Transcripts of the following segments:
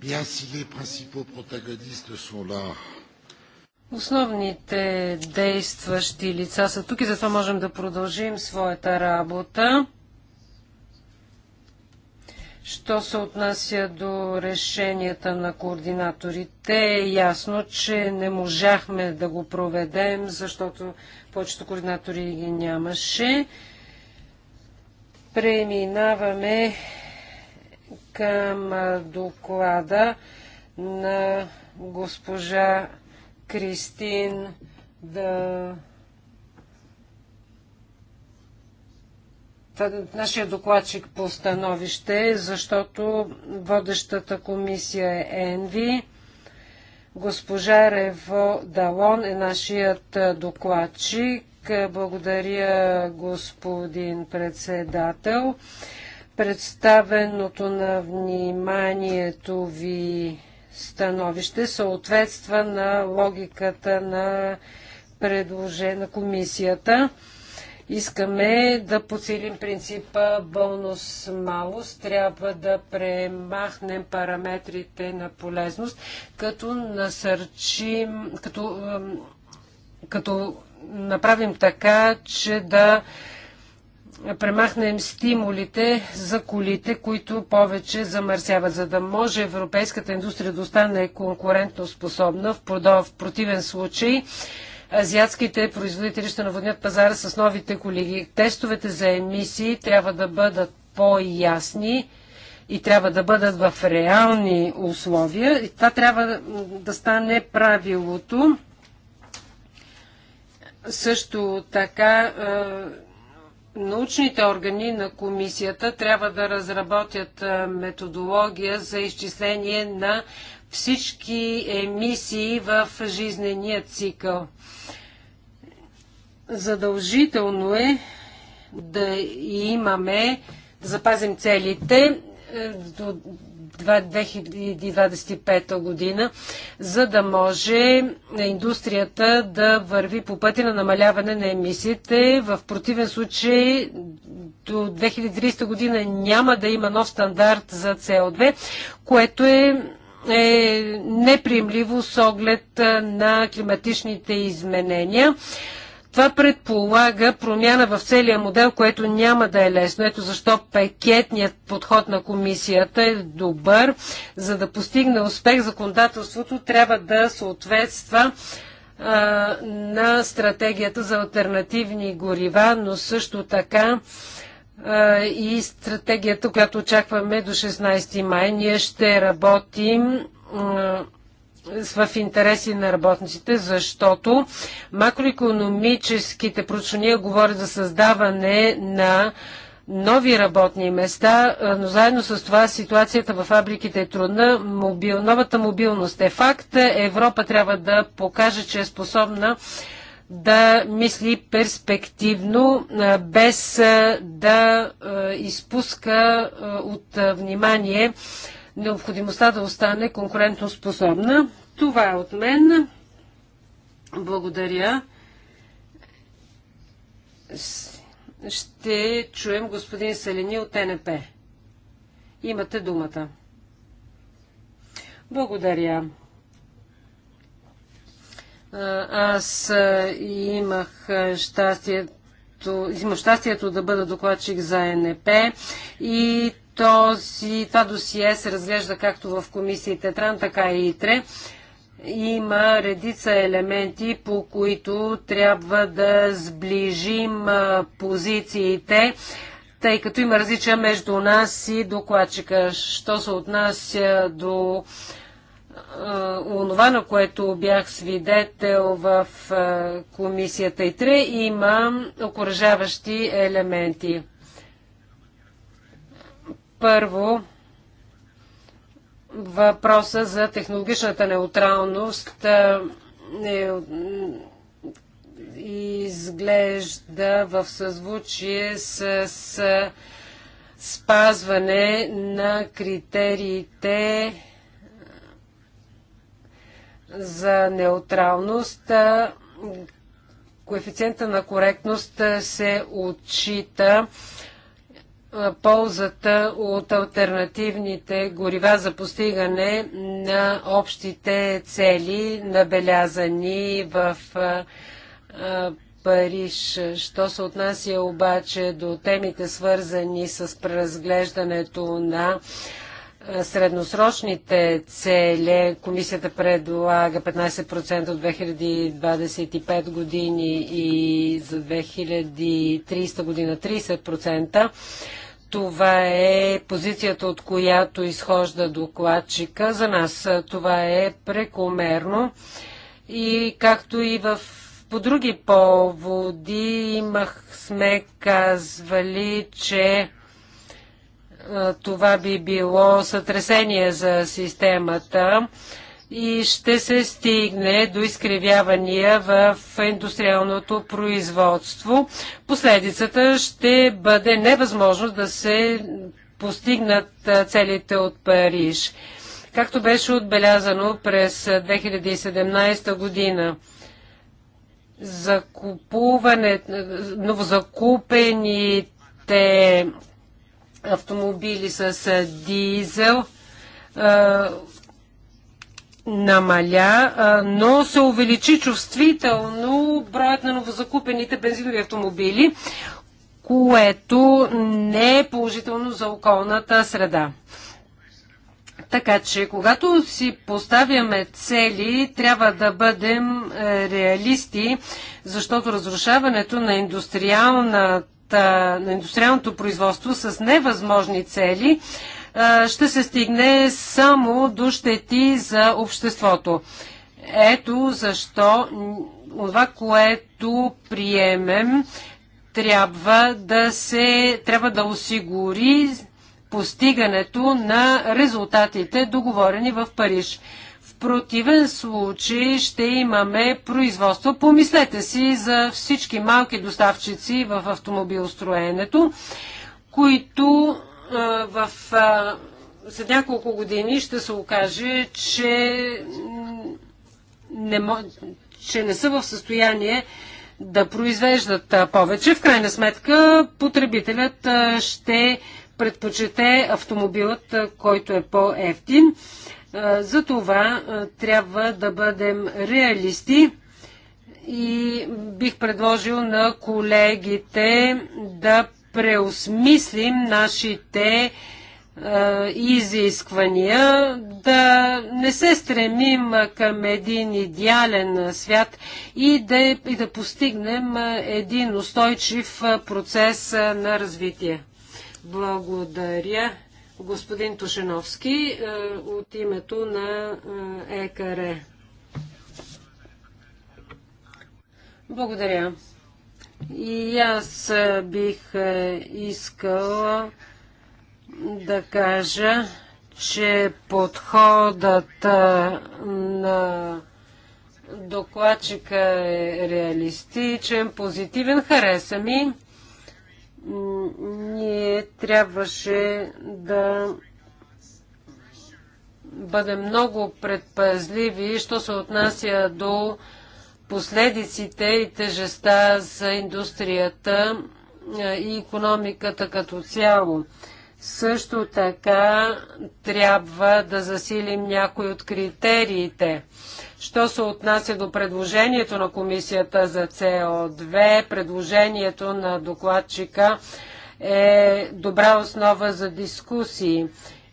Bien, si les principaux protagonistes sont là. Основните действащи лица са тук и затова можем да продължим своята работа. Що се отнася до решенията на координаторите, е ясно, че не можахме да го проведем, защото повечето координатори ги нямаше. Преминаваме към доклада на госпожа Кристин да е нашия докладчик по становище, защото водещата комисия е ЕНВИ. Госпожа Рево Далон е нашият докладчик. Благодаря, господин председател. Представеното на вниманието ви становище съответства на логиката на предложена комисията. Искаме да подсилим принципа бонус-малост. Трябва да премахнем параметрите на полезност, като насърчим, като, като направим така, че да премахнем стимулите за колите, които повече замърсяват, за да може европейската индустрия да остане конкурентно способна. В противен случай азиатските производители ще наводнят пазара с новите колеги. Тестовете за емисии трябва да бъдат по-ясни и трябва да бъдат в реални условия. И това трябва да стане правилото. Също така научните органи на комисията трябва да разработят методология за изчисление на всички емисии в жизнения цикъл. Задължително е да имаме, да запазим целите е, до 2025 година, за да може индустрията да върви по пътя на намаляване на емисиите. В противен случай до 2030 година няма да има нов стандарт за CO2, което е е неприемливо с оглед на климатичните изменения. Това предполага промяна в целия модел, което няма да е лесно. Ето защо пакетният подход на комисията е добър. За да постигне успех, законодателството трябва да съответства а, на стратегията за альтернативни горива, но също така а, и стратегията, която очакваме до 16 май. Ние ще работим а, в интереси на работниците, защото макроекономическите проучвания говорят за създаване на нови работни места, но заедно с това ситуацията в фабриките е трудна. Мобил, новата мобилност е факт. Европа трябва да покаже, че е способна да мисли перспективно, без да изпуска от внимание необходимостта да остане конкурентоспособна. Това е от мен. Благодаря. Ще чуем господин Селени от НП. Имате думата. Благодаря. Аз имах щастието, имам щастието да бъда докладчик за НП и този, това досие се разглежда както в комисиите Тран, така и ИТРЕ. Има редица елементи, по които трябва да сближим позициите, тъй като има различия между нас и докладчика. Що се отнася до онова, на което бях свидетел в комисията ИТРЕ, има окоръжаващи елементи. Първо, въпроса за технологичната неутралност е, изглежда в съзвучие с, с спазване на критериите за неутралност. Коефициента на коректност се отчита ползата от альтернативните горива за постигане на общите цели, набелязани в Париж. Що се отнася обаче до темите свързани с преразглеждането на средносрочните цели комисията предлага 15% от 2025 години и за 2030 година 30%. Това е позицията, от която изхожда докладчика. За нас това е прекомерно и както и в по други поводи имах сме казвали, че това би било сътресение за системата и ще се стигне до изкривявания в индустриалното производство. Последицата ще бъде невъзможно да се постигнат целите от Париж. Както беше отбелязано през 2017 година, закупуване, новозакупените автомобили с дизел намаля, но се увеличи чувствително броят на новозакупените бензинови автомобили, което не е положително за околната среда. Така че, когато си поставяме цели, трябва да бъдем е, реалисти, защото разрушаването на индустриалната на индустриалното производство с невъзможни цели, ще се стигне само до щети за обществото. Ето защо това, което приемем, трябва да се трябва да осигури постигането на резултатите, договорени в Париж противен случай ще имаме производство. Помислете си за всички малки доставчици в автомобилостроенето, които в, след няколко години ще се окаже, че не, че не са в състояние да произвеждат повече. В крайна сметка потребителят ще предпочете автомобилът, който е по-ефтин. За това трябва да бъдем реалисти и бих предложил на колегите да преосмислим нашите изисквания, да не се стремим към един идеален свят и да, и да постигнем един устойчив процес на развитие. Благодаря господин Тушеновски е, от името на е, ЕКР. Благодаря. И аз е, бих искала да кажа, че подходът на докладчика е реалистичен, позитивен, хареса ми ние трябваше да бъдем много предпазливи, що се отнася до последиците и тежеста за индустрията е, и економиката като цяло. Също така трябва да засилим някои от критериите. Що се отнася до предложението на комисията за со 2 предложението на докладчика е добра основа за дискусии.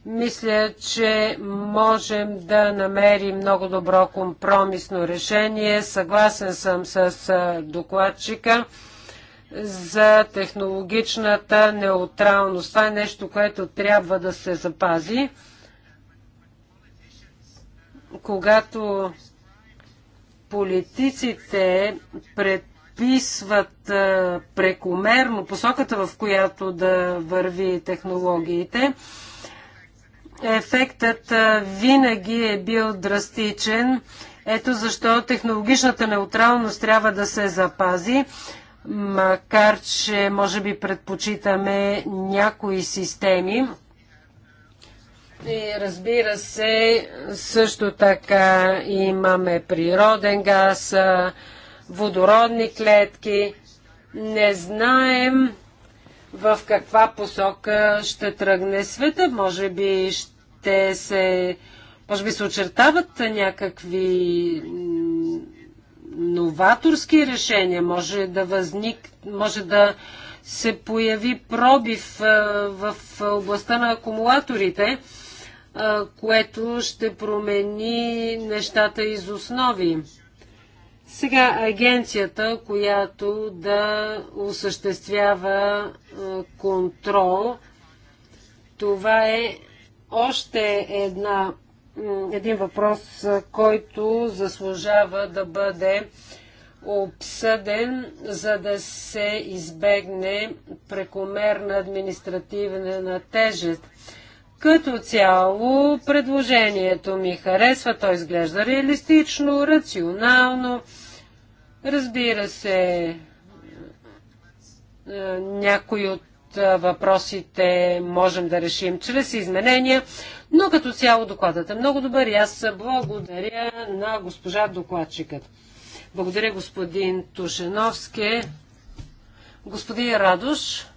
Мисля, че можем да намерим много добро компромисно решение. Съгласен съм с докладчика за технологичната неутралност. Това е нещо, което трябва да се запази. Когато политиците предписват прекомерно посоката, в която да върви технологиите, ефектът винаги е бил драстичен. Ето защо технологичната неутралност трябва да се запази макар че може би предпочитаме някои системи. И разбира се, също така имаме природен газ, водородни клетки. Не знаем в каква посока ще тръгне света. Може би ще се. Може би се очертават някакви новаторски решения, може да възник, може да се появи пробив в областта на акумулаторите, което ще промени нещата из основи. Сега агенцията, която да осъществява контрол, това е още една един въпрос, който заслужава да бъде обсъден, за да се избегне прекомерна административна тежест. Като цяло, предложението ми харесва, то изглежда реалистично, рационално. Разбира се, някои от въпросите можем да решим чрез изменения, но като цяло докладът е много добър и аз благодаря на госпожа докладчикът. Благодаря господин Тушеновски. Господин Радош.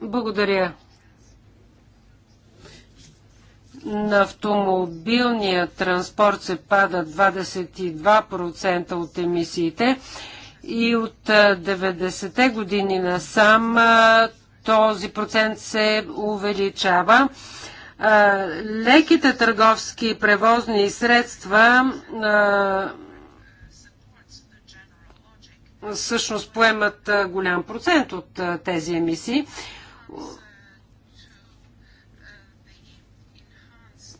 Благодаря. На автомобилния транспорт се пада 22% от емисиите и от 90-те години насам този процент се увеличава. Леките търговски превозни средства всъщност поемат голям процент от тези емисии.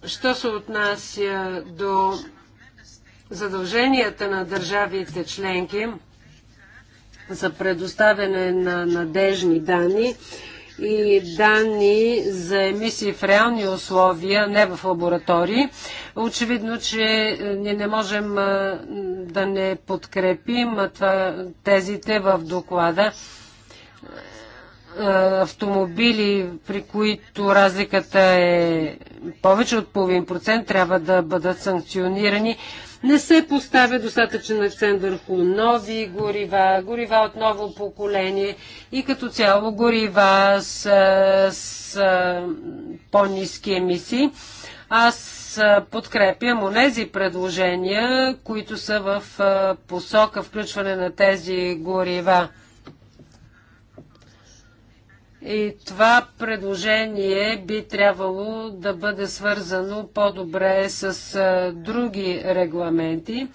Що се отнася до задълженията на държавите членки, за предоставяне на надежни данни и данни за емисии в реални условия, не в лаборатории. Очевидно, че е, ние не можем е, да не подкрепим тезите в доклада. Е, автомобили, при които разликата е повече от половин процент, трябва да бъдат санкционирани не се поставя достатъчен акцент върху нови горива, горива от ново поколение и като цяло горива с, с по-низки емисии. Аз подкрепям онези предложения, които са в посока включване на тези горива. И това предложение би трябвало да бъде свързано по-добре с други регламенти.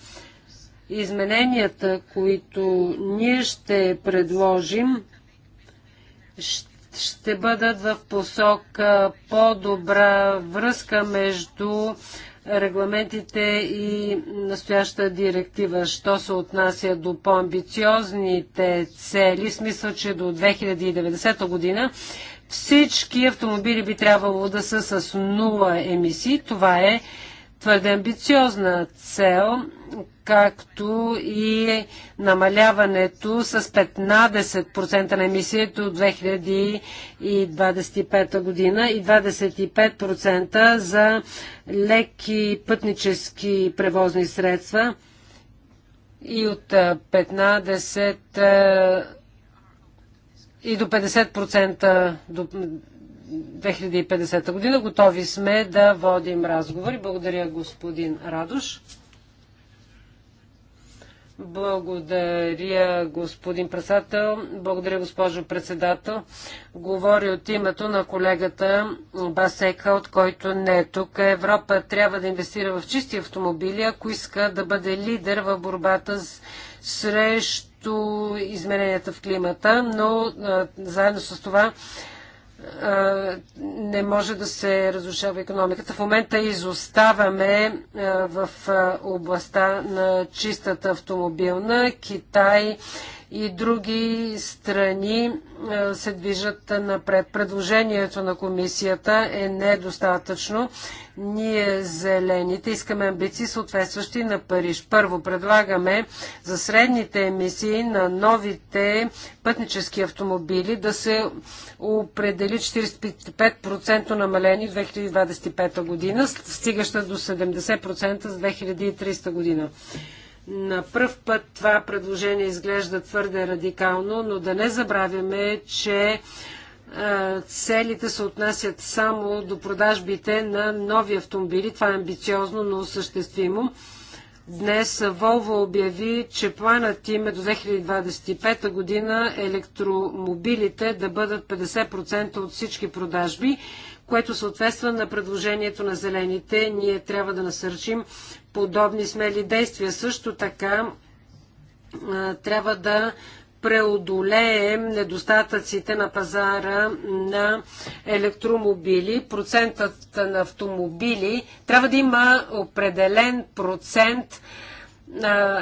Измененията, които ние ще предложим, ще бъдат в посока по-добра връзка между регламентите и настояща директива. Що се отнася до по-амбициозните цели, смисъл, че до 2090 година всички автомобили би трябвало да са с нула емисии. Това е твърде амбициозна цел както и намаляването с 15% на емисиите до 2025 година и 25% за леки пътнически превозни средства и от 15 и до 50% до 2050 година. Готови сме да водим разговори. Благодаря господин Радош. Благодаря, господин председател. Благодаря, госпожо председател. Говори от името на колегата Басека, от който не е тук. Европа трябва да инвестира в чисти автомобили, ако иска да бъде лидер в борбата с срещу измененията в климата, но а, заедно с това не може да се разрушава економиката. В момента изоставаме в областта на чистата автомобилна. Китай и други страни е, се движат напред. Предложението на комисията е недостатъчно. Ние, зелените, искаме амбиции съответстващи на Париж. Първо, предлагаме за средните емисии на новите пътнически автомобили да се определи 45% намалени в 2025 година, стигаща до 70% за 2300 година. На пръв път това предложение изглежда твърде радикално, но да не забравяме, че е, целите се отнасят само до продажбите на нови автомобили. Това е амбициозно, но съществимо. Днес Volvo обяви, че планът им е до 2025 година електромобилите да бъдат 50% от всички продажби, което съответства на предложението на зелените. Ние трябва да насърчим подобни смели действия. Също така трябва да преодолеем недостатъците на пазара на електромобили, процентът на автомобили. Трябва да има определен процент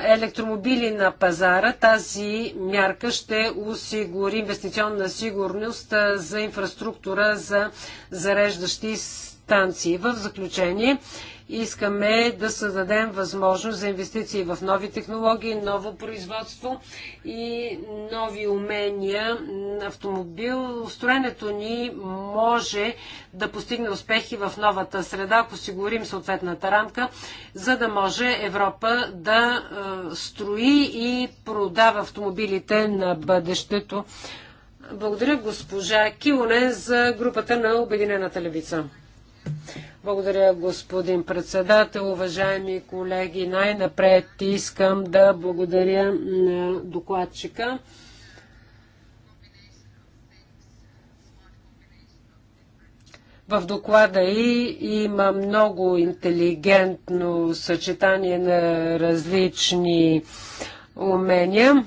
електромобили на пазара. Тази мярка ще осигури инвестиционна сигурност за инфраструктура за зареждащи станции. В заключение, Искаме да създадем възможност за инвестиции в нови технологии, ново производство и нови умения на автомобил. Устроенето ни може да постигне успехи в новата среда, ако осигурим съответната рамка, за да може Европа да е, строи и продава автомобилите на бъдещето. Благодаря госпожа Килоне за групата на Обединената левица. Благодаря, господин председател. Уважаеми колеги, най-напред искам да благодаря на докладчика. В доклада и има много интелигентно съчетание на различни умения.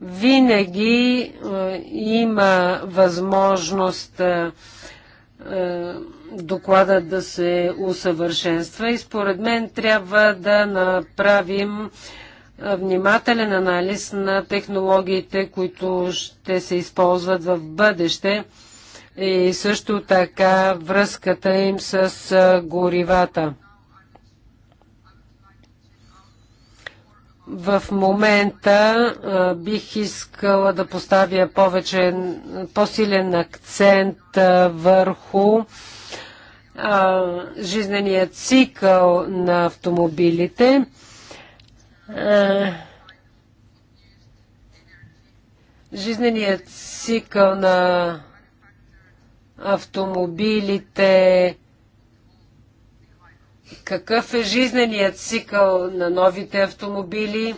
Винаги е, има възможност е, е, Докладът да се усъвършенства и според мен трябва да направим е, внимателен анализ на технологиите, които ще се използват в бъдеще и също така връзката им с е, горивата. В момента а, бих искала да поставя повече, по-силен акцент а, върху а, жизнения цикъл на автомобилите. жизненият цикъл на автомобилите какъв е жизненият цикъл на новите автомобили,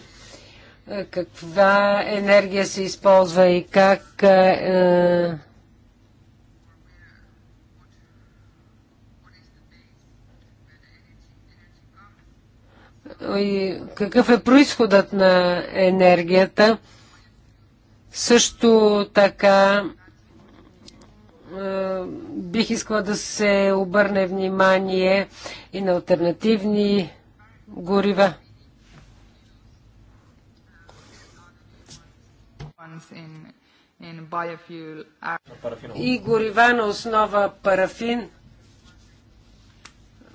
е, каква енергия се използва и как е, е и какъв е происходът на енергията. Също така е, бих искала да се обърне внимание и на альтернативни горива. И горива на основа парафин.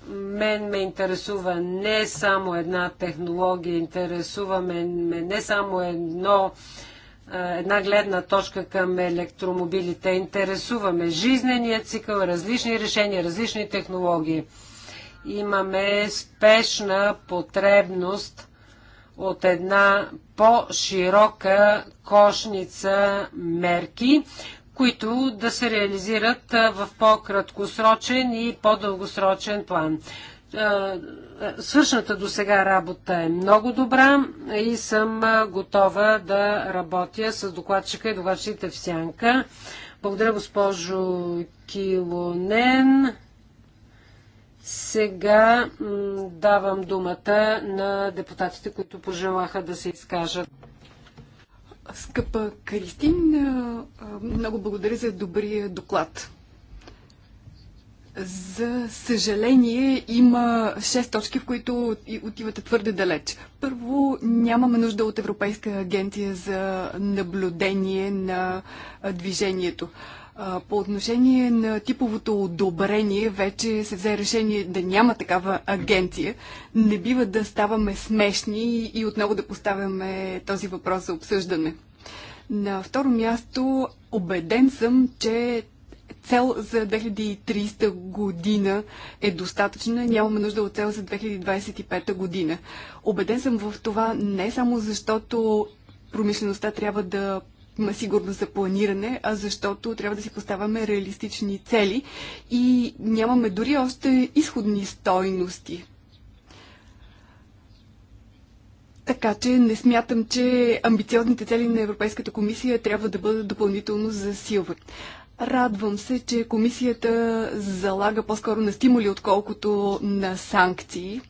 Мен ме интересува не само една технология, интересува ме, ме не само едно е, една гледна точка към електромобилите. Интересуваме жизнения цикъл, различни решения, различни технологии. Имаме спешна потребност от една по-широка кошница мерки, които да се реализират е, в по-краткосрочен и по-дългосрочен план свършната до сега работа е много добра и съм готова да работя с докладчика и докладчите в сянка. Благодаря, госпожо Килонен. Сега давам думата на депутатите, които пожелаха да се изкажат. Скъпа Кристин, много благодаря за добрия доклад. За съжаление, има шест точки, в които отивате твърде далеч. Първо, нямаме нужда от Европейска агенция за наблюдение на движението. По отношение на типовото одобрение, вече се взе решение да няма такава агенция. Не бива да ставаме смешни и отново да поставяме този въпрос за обсъждане. На второ място, убеден съм, че цел за 2030 година е достатъчна, нямаме нужда от цел за 2025 година. Обеден съм в това не само защото промишлеността трябва да има сигурност за планиране, а защото трябва да си поставяме реалистични цели и нямаме дори още изходни стойности. Така че не смятам, че амбициозните цели на Европейската комисия трябва да бъдат допълнително засилват. Радвам се, че комисията залага по-скоро на стимули, отколкото на санкции.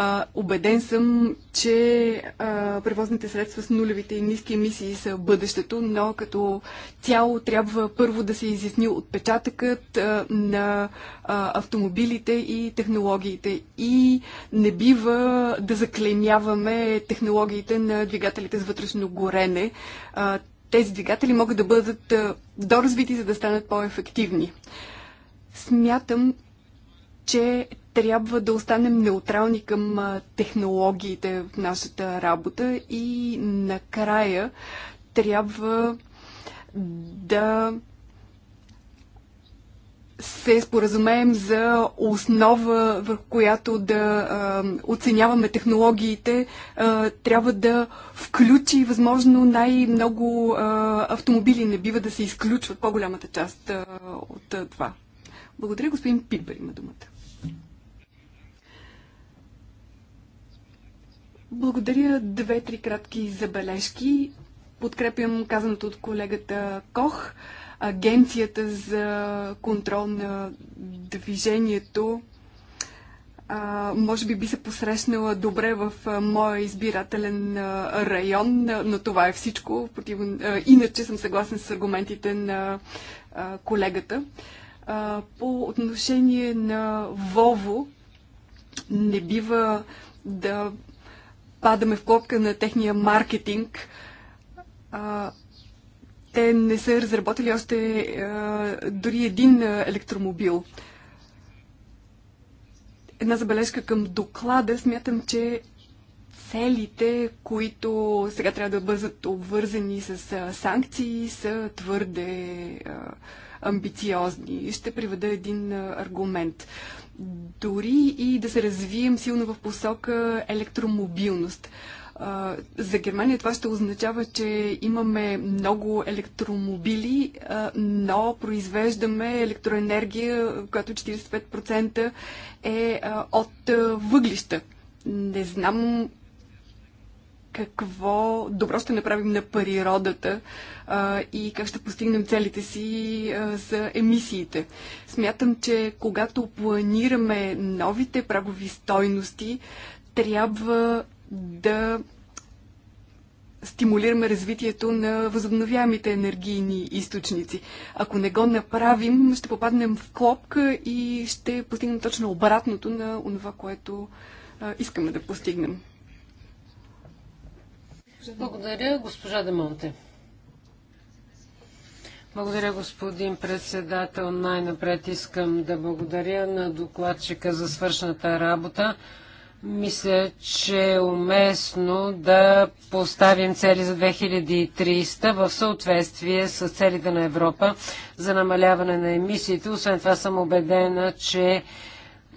А, убеден съм, че а, превозните средства с нулевите и ниски емисии са в бъдещето, но като цяло трябва първо да се изясни отпечатъкът а, на а, автомобилите и технологиите. И не бива да заклемяваме технологиите на двигателите с вътрешно горене. А, тези двигатели могат да бъдат доразвити, за да станат по-ефективни. Смятам, че трябва да останем неутрални към технологиите в нашата работа и накрая трябва да се споразумеем за основа, върху която да а, оценяваме технологиите, а, трябва да включи възможно най-много автомобили. Не бива да се изключват по-голямата част а, от а, това. Благодаря, господин Пипер има думата. Благодаря. Две-три кратки забележки. Подкрепям казаното от колегата Кох. А, агенцията за контрол на движението а, може би би се посрещнала добре в а, моя избирателен а, район, а, но това е всичко. Против, а, иначе съм съгласен с аргументите на а, колегата. А, по отношение на Вово, не бива да падаме в клопка на техния маркетинг. А, те не са разработили още а, е, дори един е, електромобил. Една забележка към доклада. Смятам, че целите, които сега трябва да бъдат обвързани с а, е, санкции, са твърде а, амбициозни. Ще приведа един а, аргумент. Дори и да се развием силно в посока електромобилност. За Германия това ще означава, че имаме много електромобили, но произвеждаме електроенергия, която 45% е от въглища. Не знам какво добро ще направим на природата а, и как ще постигнем целите си а, за емисиите. Смятам, че когато планираме новите прагови стойности, трябва да стимулираме развитието на възобновяемите енергийни източници. Ако не го направим, ще попаднем в клопка и ще постигнем точно обратното на това, което искаме да постигнем. Благодаря, госпожа Демонте. Благодаря, господин председател. Най-напред искам да благодаря на докладчика за свършната работа. Мисля, че е уместно да поставим цели за 2300 в съответствие с целите на Европа за намаляване на емисиите. Освен това съм убедена, че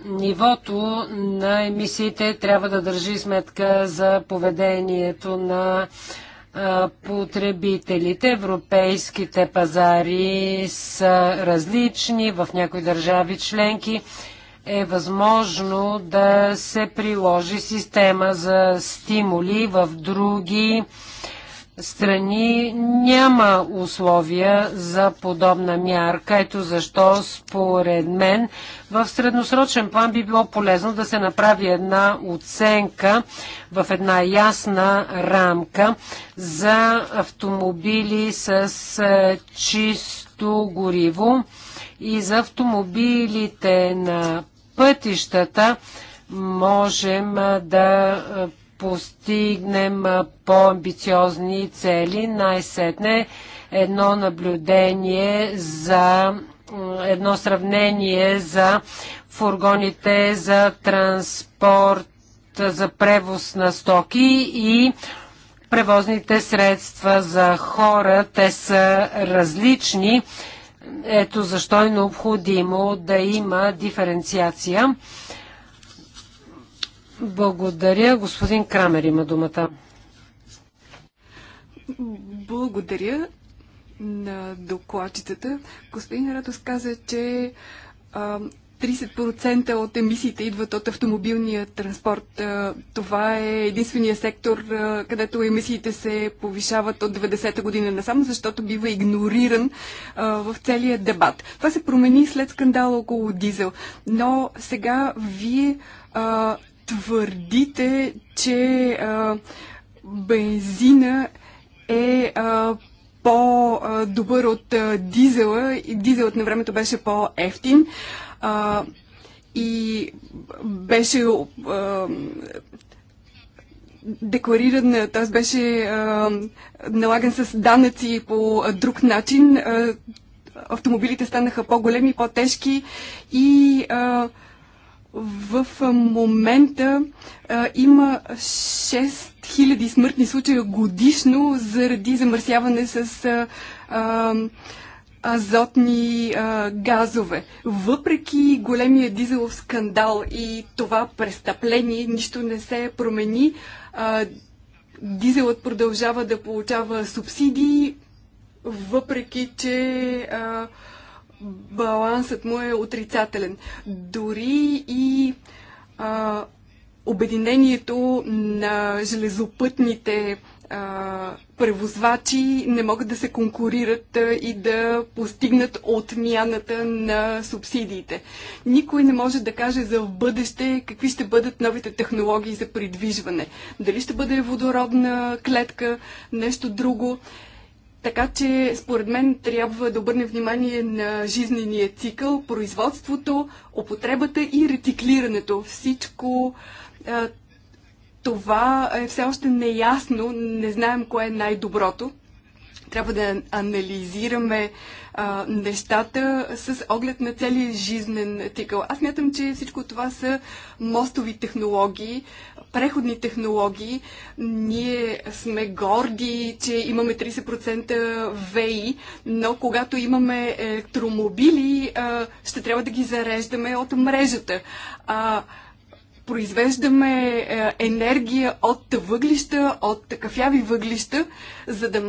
нивото на емисиите трябва да държи сметка за поведението на потребителите. Европейските пазари са различни в някои държави членки е възможно да се приложи система за стимули в други страни няма условия за подобна мярка. Ето защо според мен в средносрочен план би било полезно да се направи една оценка в една ясна рамка за автомобили с чисто гориво и за автомобилите на пътищата можем да постигнем по-амбициозни цели. Най-сетне едно наблюдение за едно сравнение за фургоните за транспорт, за превоз на стоки и превозните средства за хора. Те са различни ето защо е необходимо да има диференциация. Благодаря. Господин Крамер има думата. Благодаря на докладчетата. Господин Радос каза, че 30% от емисиите идват от автомобилния транспорт. Е, това е единствения сектор, е, където емисиите се повишават от 90-та година насам, защото бива игнориран е, в целия дебат. Това се промени след скандала около дизел. Но сега вие а, твърдите, че а, бензина е а, по-добър от дизела и дизелът на времето беше по-ефтин а, и беше а, деклариран, т.е. беше а, налаган с данъци по друг начин. А, автомобилите станаха по-големи, по-тежки и а, в момента а, има 6000 смъртни случая годишно заради замърсяване с а, а, азотни а, газове. Въпреки големия дизелов скандал и това престъпление, нищо не се промени. А, дизелът продължава да получава субсидии, въпреки че а, балансът му е отрицателен. Дори и а, обединението на железопътните а, превозвачи не могат да се конкурират а, и да постигнат отмяната на субсидиите. Никой не може да каже за в бъдеще какви ще бъдат новите технологии за придвижване. Дали ще бъде водородна клетка, нещо друго. Така че, според мен, трябва да обърне внимание на жизнения цикъл, производството, употребата и рециклирането. Всичко това е все още неясно, не знаем кое е най-доброто. Трябва да анализираме а, нещата с оглед на целия жизнен цикъл. Аз мятам, че всичко това са мостови технологии, преходни технологии. Ние сме горди, че имаме 30% ВИ, но когато имаме електромобили, а, ще трябва да ги зареждаме от мрежата. А, произвеждаме е, енергия от въглища, от кафяви въглища, за да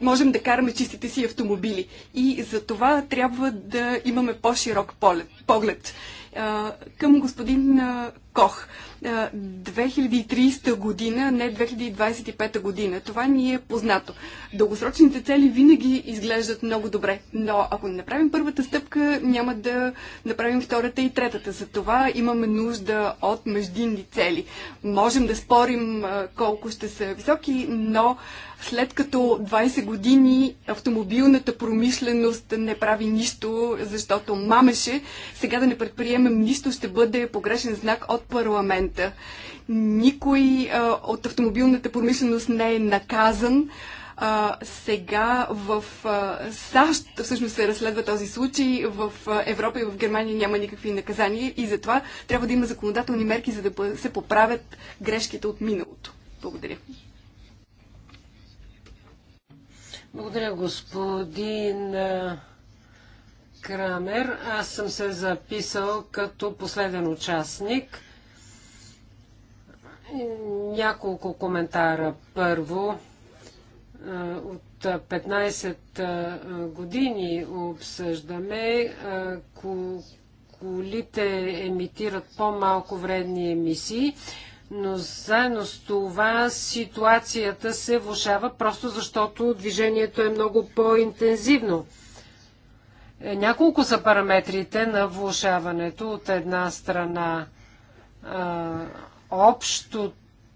можем да караме чистите си автомобили. И за това трябва да имаме по-широк поглед към господин Кох. 2030 година, не 2025 година. Това ни е познато. Дългосрочните цели винаги изглеждат много добре, но ако не направим първата стъпка, няма да направим втората и третата. За това имаме нужда от междинни цели. Можем да спорим колко ще са високи, но след като 20 години автомобилната промишленост не прави нищо, защото мамеше, сега да не предприемем нищо ще бъде погрешен знак от парламента. Никой а, от автомобилната промишленост не е наказан. А, сега в а, САЩ всъщност се разследва този случай, в а, Европа и в Германия няма никакви наказания и затова трябва да има законодателни мерки, за да се поправят грешките от миналото. Благодаря. Благодаря, господин Крамер. Аз съм се записал като последен участник. Няколко коментара. Първо, от 15 години обсъждаме колите емитират по-малко вредни емисии но заедно с това ситуацията се влушава, просто защото движението е много по-интензивно. Е, няколко са параметрите на влушаването. От една страна общо,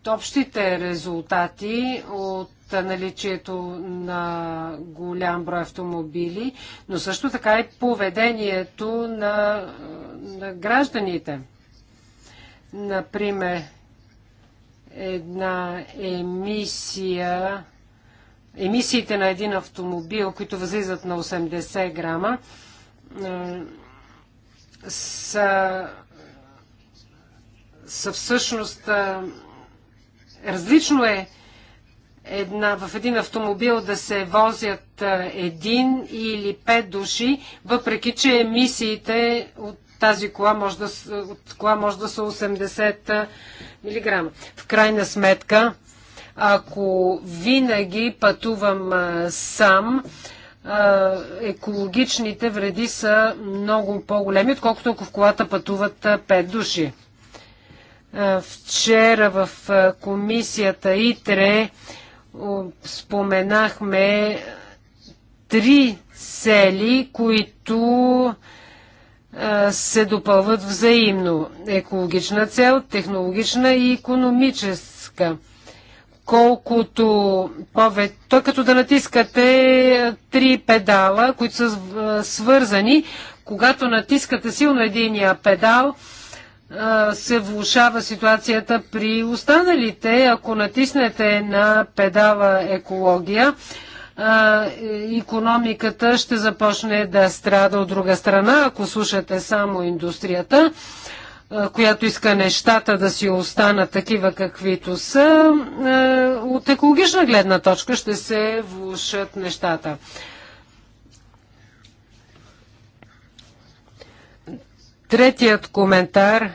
общите резултати от наличието на голям брой автомобили, но също така и поведението на, на гражданите. Например, една емисия, емисиите на един автомобил, които възлизат на 80 грама, са, са всъщност различно е една, в един автомобил да се возят един или пет души, въпреки че емисиите от тази кола може да, от кола може да са 80 милиграма. В крайна сметка, ако винаги пътувам сам, екологичните вреди са много по-големи, отколкото ако в колата пътуват 5 души. Вчера в комисията ИТРЕ споменахме три сели, които се допълват взаимно. Екологична цел, технологична и економическа. Колкото повече, той като да натискате три педала, които са свързани, когато натискате силно единия педал, се влушава ситуацията при останалите. Ако натиснете на педала екология, економиката ще започне да страда от друга страна, ако слушате само индустрията която иска нещата да си останат такива каквито са, от екологична гледна точка ще се влушат нещата. Третият коментар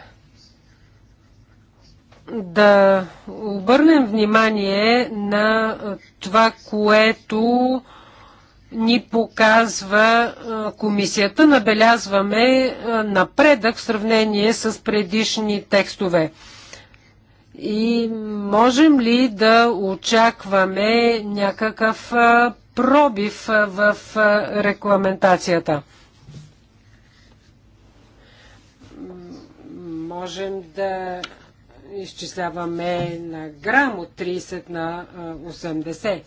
да обърнем внимание на това, което ни показва комисията. Набелязваме напредък в сравнение с предишни текстове. И можем ли да очакваме някакъв пробив в рекламентацията? Можем да изчисляваме на грам от 30 на 80.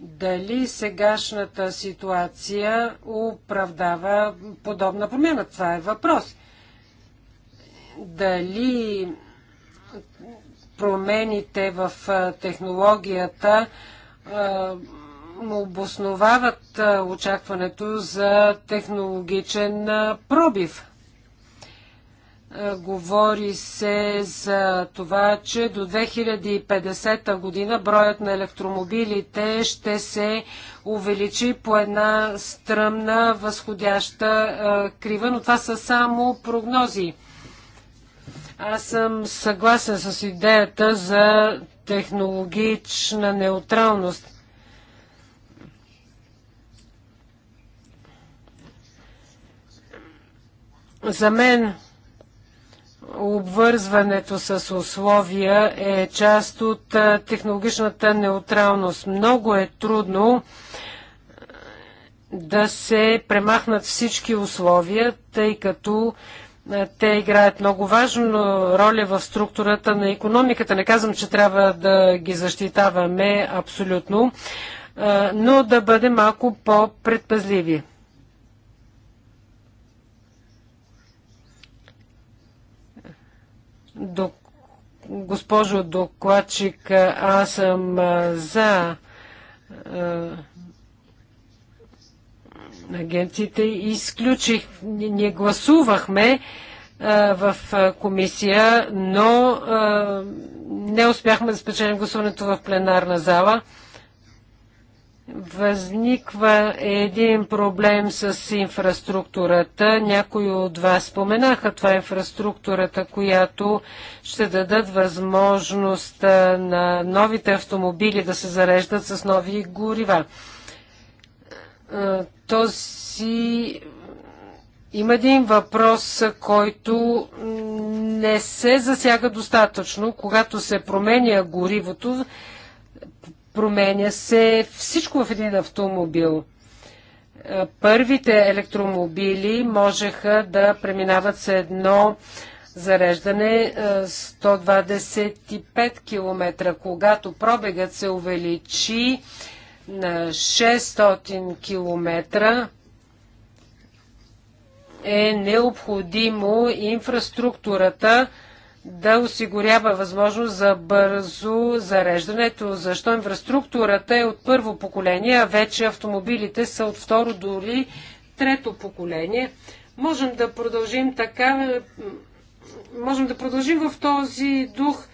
Дали сегашната ситуация оправдава подобна промяна? Това е въпрос. Дали промените в технологията обосновават очакването за технологичен пробив? Е, говори се за това, че до 2050 година броят на електромобилите ще се увеличи по една стръмна възходяща е, крива, но това са само прогнози. Аз съм съгласен с идеята за технологична неутралност. За мен обвързването с условия е част от технологичната неутралност. Много е трудно да се премахнат всички условия, тъй като те играят много важна роля в структурата на економиката. Не казвам, че трябва да ги защитаваме абсолютно, но да бъдем малко по-предпазливи. До Госпожо докладчик, аз съм за агенциите и изключих, ние гласувахме а, в комисия, но а, не успяхме да спечелим гласуването в пленарна зала. Възниква един проблем с инфраструктурата. Някои от вас споменаха това е инфраструктурата, която ще дадат възможност на новите автомобили да се зареждат с нови горива. Този има един въпрос, който не се засяга достатъчно. Когато се променя горивото, променя се всичко в един автомобил. Е, първите електромобили можеха да преминават с едно зареждане 125 е, км. Когато пробегът се увеличи на 600 км, е необходимо инфраструктурата да осигурява възможност за бързо зареждането. Защо инфраструктурата е от първо поколение, а вече автомобилите са от второ дори трето поколение. Можем да продължим така, можем да продължим в този дух,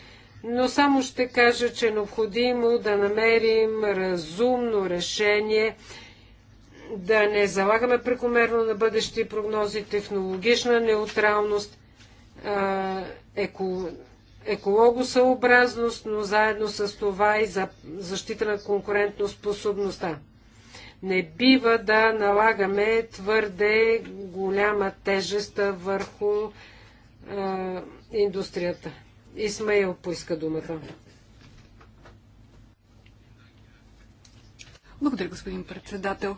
но само ще кажа, че е необходимо да намерим разумно решение, да не залагаме прекомерно на бъдещи прогнози, технологична неутралност – еко, екологосъобразност, но заедно с това и за защита на конкурентоспособността. Не бива да налагаме твърде голяма тежест върху е, индустрията. Исмаил поиска думата. Благодаря, господин председател.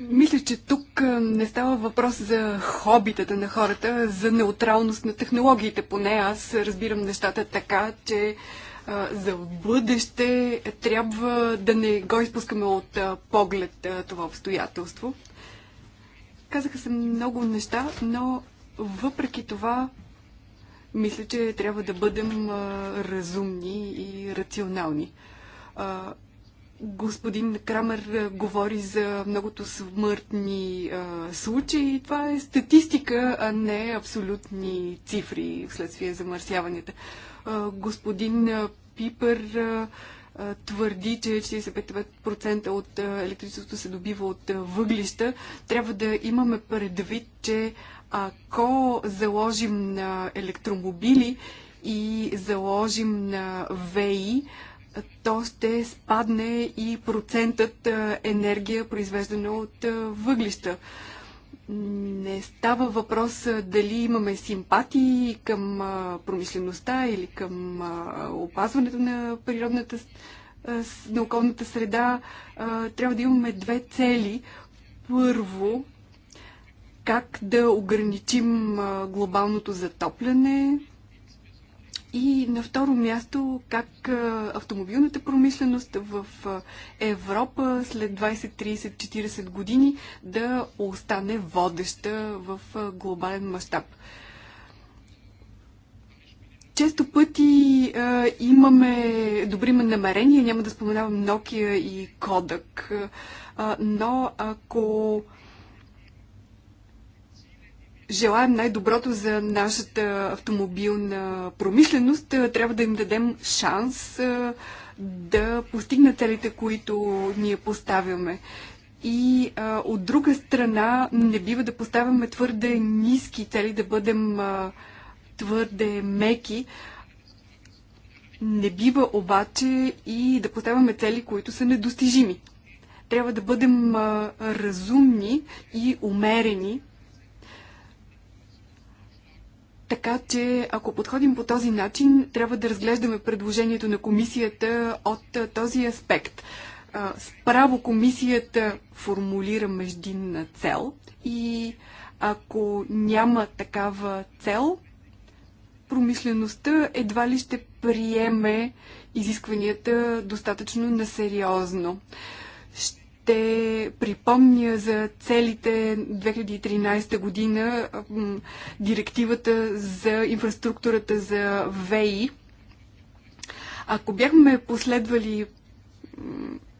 Мисля, че тук не става въпрос за хобитата на хората, за неутралност на технологиите. Поне аз разбирам нещата така, че за бъдеще трябва да не го изпускаме от поглед това обстоятелство. Казаха се много неща, но въпреки това мисля, че трябва да бъдем разумни и рационални. Господин Крамер е, говори за многото смъртни а, е, случаи. Това е статистика, а не абсолютни цифри вследствие замърсяванията. А, е, господин Пипер Пипър а, твърди, че 45% от електричеството се добива от въглища. Трябва да имаме предвид, че ако заложим на електромобили и заложим на ВЕИ, то ще спадне и процентът енергия, произвеждана от въглища. Не става въпрос дали имаме симпатии към промишлеността или към опазването на природната на околната среда. Трябва да имаме две цели. Първо, как да ограничим глобалното затопляне, и на второ място, как автомобилната промишленост в Европа след 20, 30, 40 години да остане водеща в глобален мащаб. Често пъти а, имаме добри намерения, няма да споменавам Nokia и Kodak, а, но ако желаем най-доброто за нашата автомобилна промишленост, е, трябва да им дадем шанс е, да постигнат целите, които ние поставяме. И а, е, от друга страна, не бива да поставяме твърде ниски цели, да бъдем а, твърде меки. Не бива обаче и да поставяме цели, които са недостижими. Трябва да бъдем а, разумни и умерени така че, ако подходим по този начин, трябва да разглеждаме предложението на комисията от този аспект. Справо комисията формулира междинна цел и ако няма такава цел, промишлеността едва ли ще приеме изискванията достатъчно насериозно. Ще ще припомня за целите 2013 година директивата за инфраструктурата за ВЕИ. Ако бяхме последвали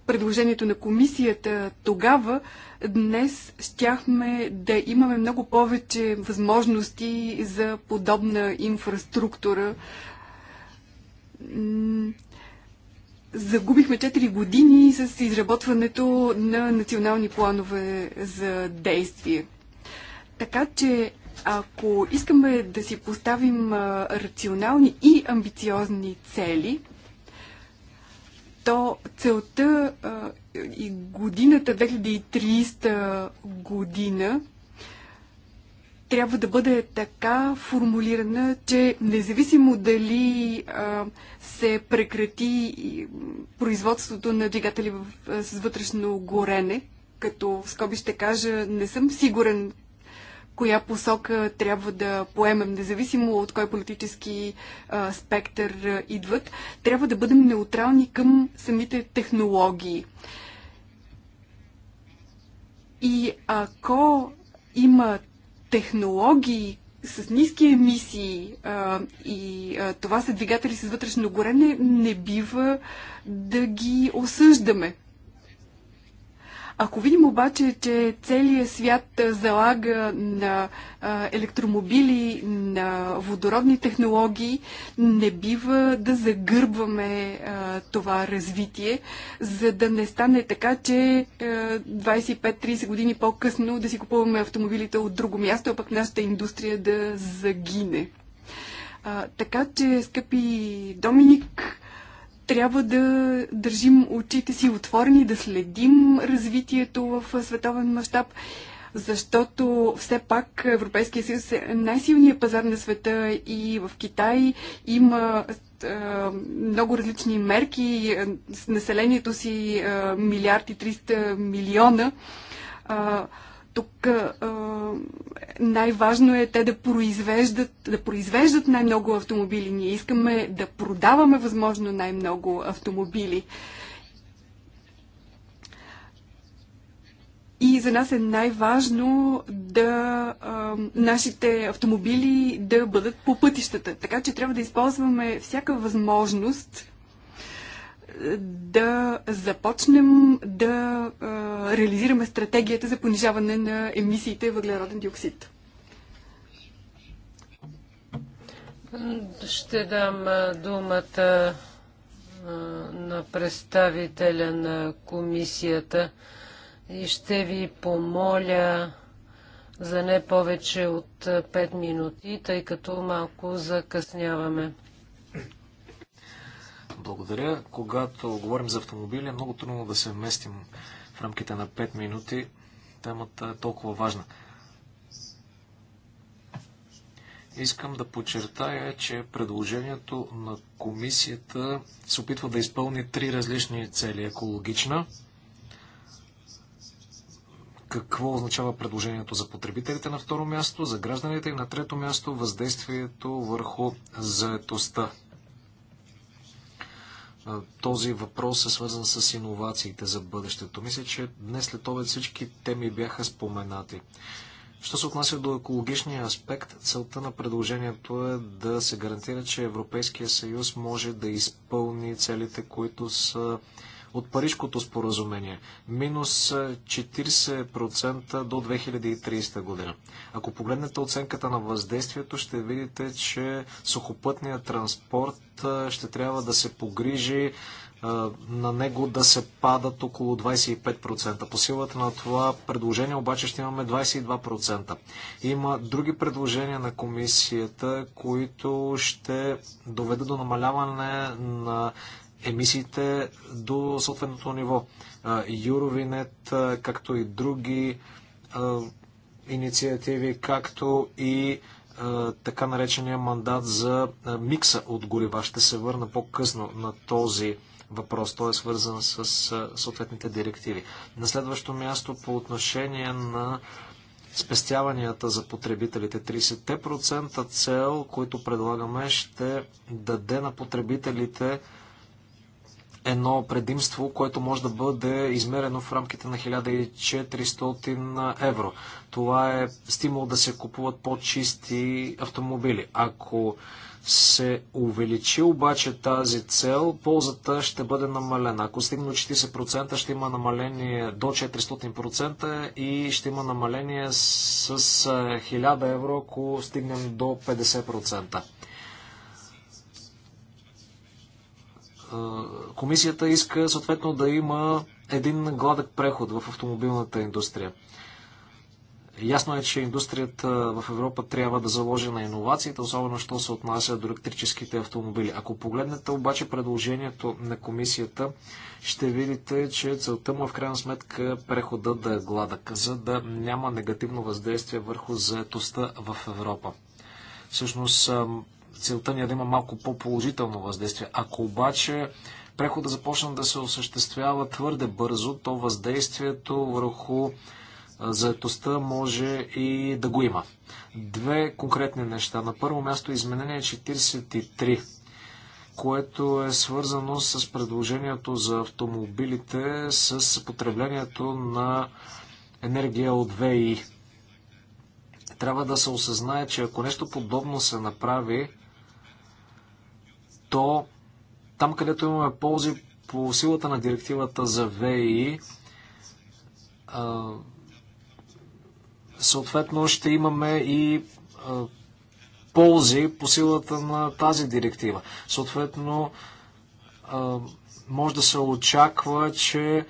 предложението на комисията тогава, днес щяхме да имаме много повече възможности за подобна инфраструктура загубихме 4 години с изработването на национални планове за действие. Така че, ако искаме да си поставим рационални и амбициозни цели, то целта и годината 2300 година трябва да бъде така формулирана, че независимо дали а, се прекрати производството на двигатели в, а, с вътрешно горене, като в скоби ще кажа, не съм сигурен коя посока трябва да поемем, независимо от кой политически а, спектър а, идват, трябва да бъдем неутрални към самите технологии. И ако има технологии с ниски емисии а, и а, това са двигатели с вътрешно горене, не бива да ги осъждаме. Ако видим обаче, че целият свят залага на електромобили, на водородни технологии, не бива да загърбваме това развитие, за да не стане така, че 25-30 години по-късно да си купуваме автомобилите от друго място, а пък нашата индустрия да загине. така че, скъпи Доминик, трябва да държим очите си отворени, да следим развитието в световен мащаб, защото все пак Европейския съюз е най-силният пазар на света и в Китай има много различни мерки. С населението си милиард и 300 милиона тук най-важно е те да произвеждат, да произвеждат най-много автомобили. Ние искаме да продаваме възможно най-много автомобили. И за нас е най-важно да а, нашите автомобили да бъдат по пътищата. Така че трябва да използваме всяка възможност да започнем да реализираме стратегията за понижаване на емисиите въглероден диоксид? Ще дам думата на представителя на комисията и ще ви помоля за не повече от 5 минути, тъй като малко закъсняваме. Благодаря. Когато говорим за автомобили, е много трудно да се вместим в рамките на 5 минути. Темата е толкова важна. Искам да подчертая, че предложението на комисията се опитва да изпълни три различни цели. Екологична. Какво означава предложението за потребителите на второ място, за гражданите и на трето място въздействието върху заетостта този въпрос е свързан с иновациите за бъдещето. Мисля, че днес след обед всички теми бяха споменати. Що се отнася до екологичния аспект, целта на предложението е да се гарантира, че Европейския съюз може да изпълни целите, които са от Парижкото споразумение. Минус 40% до 2030 година. Ако погледнете оценката на въздействието, ще видите, че сухопътният транспорт ще трябва да се погрижи на него да се падат около 25%. По силата на това предложение обаче ще имаме 22%. Има други предложения на комисията, които ще доведат до намаляване на емисиите до съответното ниво. Юровинет, както и други инициативи, както и така наречения мандат за микса от горива. Ще се върна по-късно на този въпрос. Той е свързан с съответните директиви. На следващо място по отношение на спестяванията за потребителите. 30% цел, които предлагаме, ще даде на потребителите едно предимство, което може да бъде измерено в рамките на 1400 евро. Това е стимул да се купуват по-чисти автомобили. Ако се увеличи обаче тази цел, ползата ще бъде намалена. Ако стигне до 40%, ще има намаление до 400% и ще има намаление с 1000 е, евро, ако стигнем до 50%. Е, комисията иска съответно да има един гладък преход в автомобилната индустрия. Ясно е, че индустрията в Европа трябва да заложи на иновациите, особено що се отнася до електрическите автомобили. Ако погледнете обаче предложението на комисията, ще видите, че целта му е в крайна сметка прехода да е гладък, за да няма негативно въздействие върху заетостта в Европа. Всъщност целта ни е да има малко по-положително въздействие. Ако обаче прехода започна да се осъществява твърде бързо, то въздействието върху заетостта може и да го има. Две конкретни неща. На първо място изменение 43 което е свързано с предложението за автомобилите с потреблението на енергия от ВИ. Трябва да се осъзнае, че ако нещо подобно се направи, то там, където имаме ползи по силата на директивата за ВИ, съответно ще имаме и ползи по силата на тази директива. Съответно, може да се очаква, че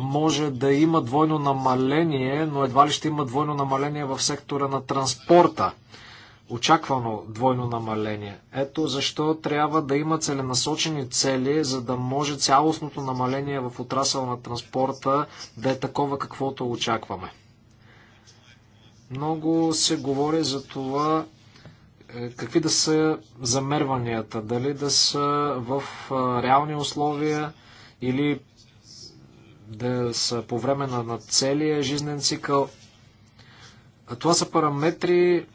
може да има двойно намаление, но едва ли ще има двойно намаление в сектора на транспорта очаквано двойно намаление. Ето защо трябва да има целенасочени цели, за да може цялостното намаление в отрасъл на транспорта да е такова, каквото очакваме. Много се говори за това е, какви да са замерванията, дали да са в реални условия или да са по време на, на целия жизнен цикъл. Това са параметри,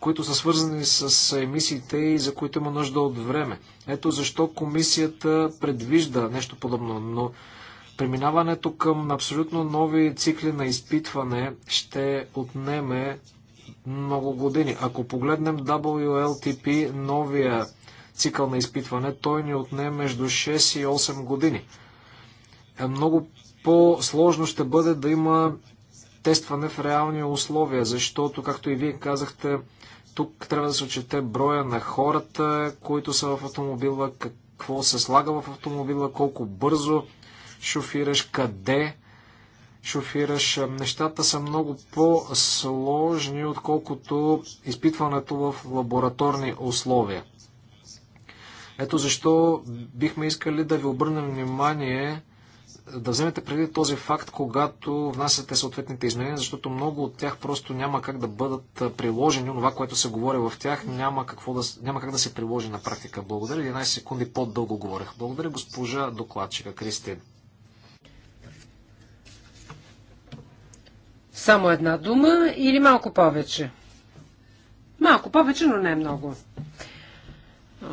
които са свързани с емисиите и за които има нужда от време. Ето защо комисията предвижда нещо подобно, но преминаването към абсолютно нови цикли на изпитване ще отнеме много години. Ако погледнем WLTP, новия цикъл на изпитване, той ни отне между 6 и 8 години. Е, много по-сложно ще бъде да има тестване в реални условия, защото, както и вие казахте, тук трябва да се отчете броя на хората, които са в автомобила, какво се слага в автомобила, колко бързо шофираш, къде шофираш. Нещата са много по-сложни, отколкото изпитването в лабораторни условия. Ето защо бихме искали да ви обърнем внимание да вземете преди този факт, когато внасяте съответните изменения, защото много от тях просто няма как да бъдат приложени. Това, което се говори в тях, няма, какво да, няма как да се приложи на практика. Благодаря. 11 секунди по-дълго говорех. Благодаря, госпожа докладчика Кристин. Само една дума или малко повече? Малко повече, но не много.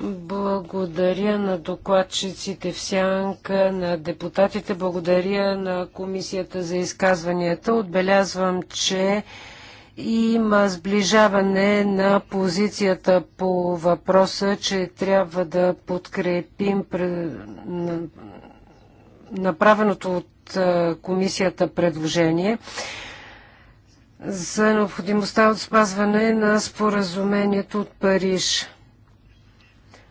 Благодаря на докладчиците в сянка, на депутатите, благодаря на комисията за изказванията. Отбелязвам, че има сближаване на позицията по въпроса, че трябва да подкрепим направеното от комисията предложение за необходимостта от спазване на споразумението от Париж.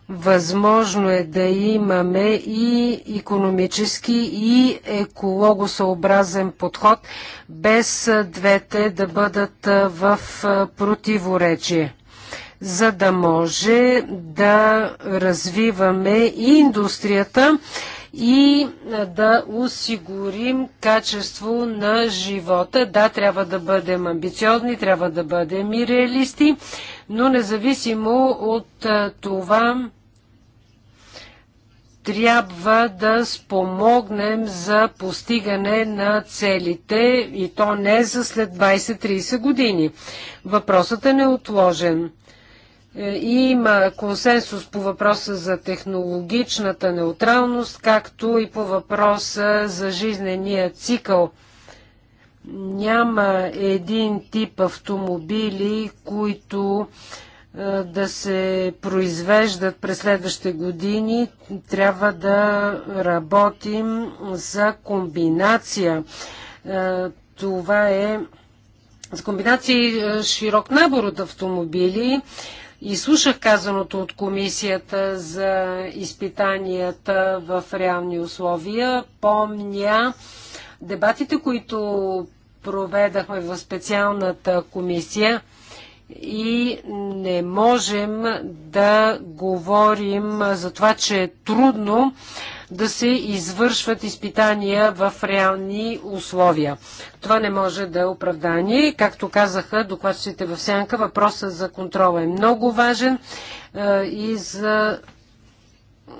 Възможно е да имаме и економически, и екологосъобразен подход, без двете да бъдат в противоречие, за да може да развиваме и индустрията, и да осигурим качество на живота. Да, трябва да бъдем амбициозни, трябва да бъдем и реалисти, но независимо от това трябва да спомогнем за постигане на целите и то не за след 20-30 години. Въпросът е неотложен. Е, има консенсус по въпроса за технологичната неутралност, както и по въпроса за жизнения цикъл. Няма един тип автомобили, които е, да се произвеждат през следващите години, трябва да работим за комбинация. Е, това е за комбинация и широк набор от автомобили, и слушах казаното от комисията за изпитанията в реални условия. Помня дебатите, които проведахме в специалната комисия и не можем да говорим за това, че е трудно да се извършват изпитания в реални условия. Това не може да е оправдание. Както казаха докладчите в Сянка, въпросът за контрола е много важен е, и за,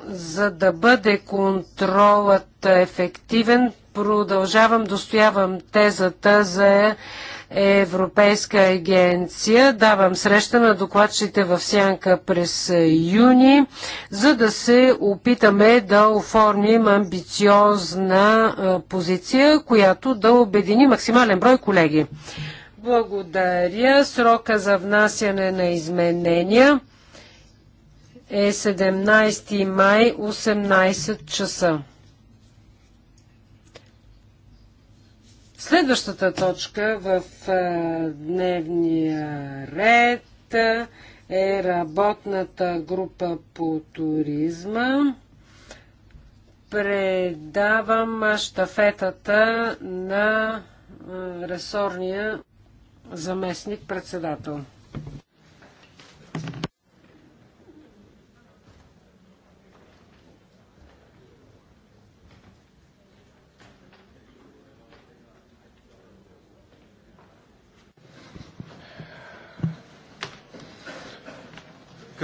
за да бъде контролът ефективен, продължавам достоявам тезата за Европейска агенция. Давам среща на докладчите в Сянка през юни, за да се опитаме да оформим амбициозна позиция, която да обедини максимален брой колеги. Благодаря. Срока за внасяне на изменения е 17 май 18 часа. Следващата точка в дневния ред е работната група по туризма. Предавам штафетата на ресорния заместник председател.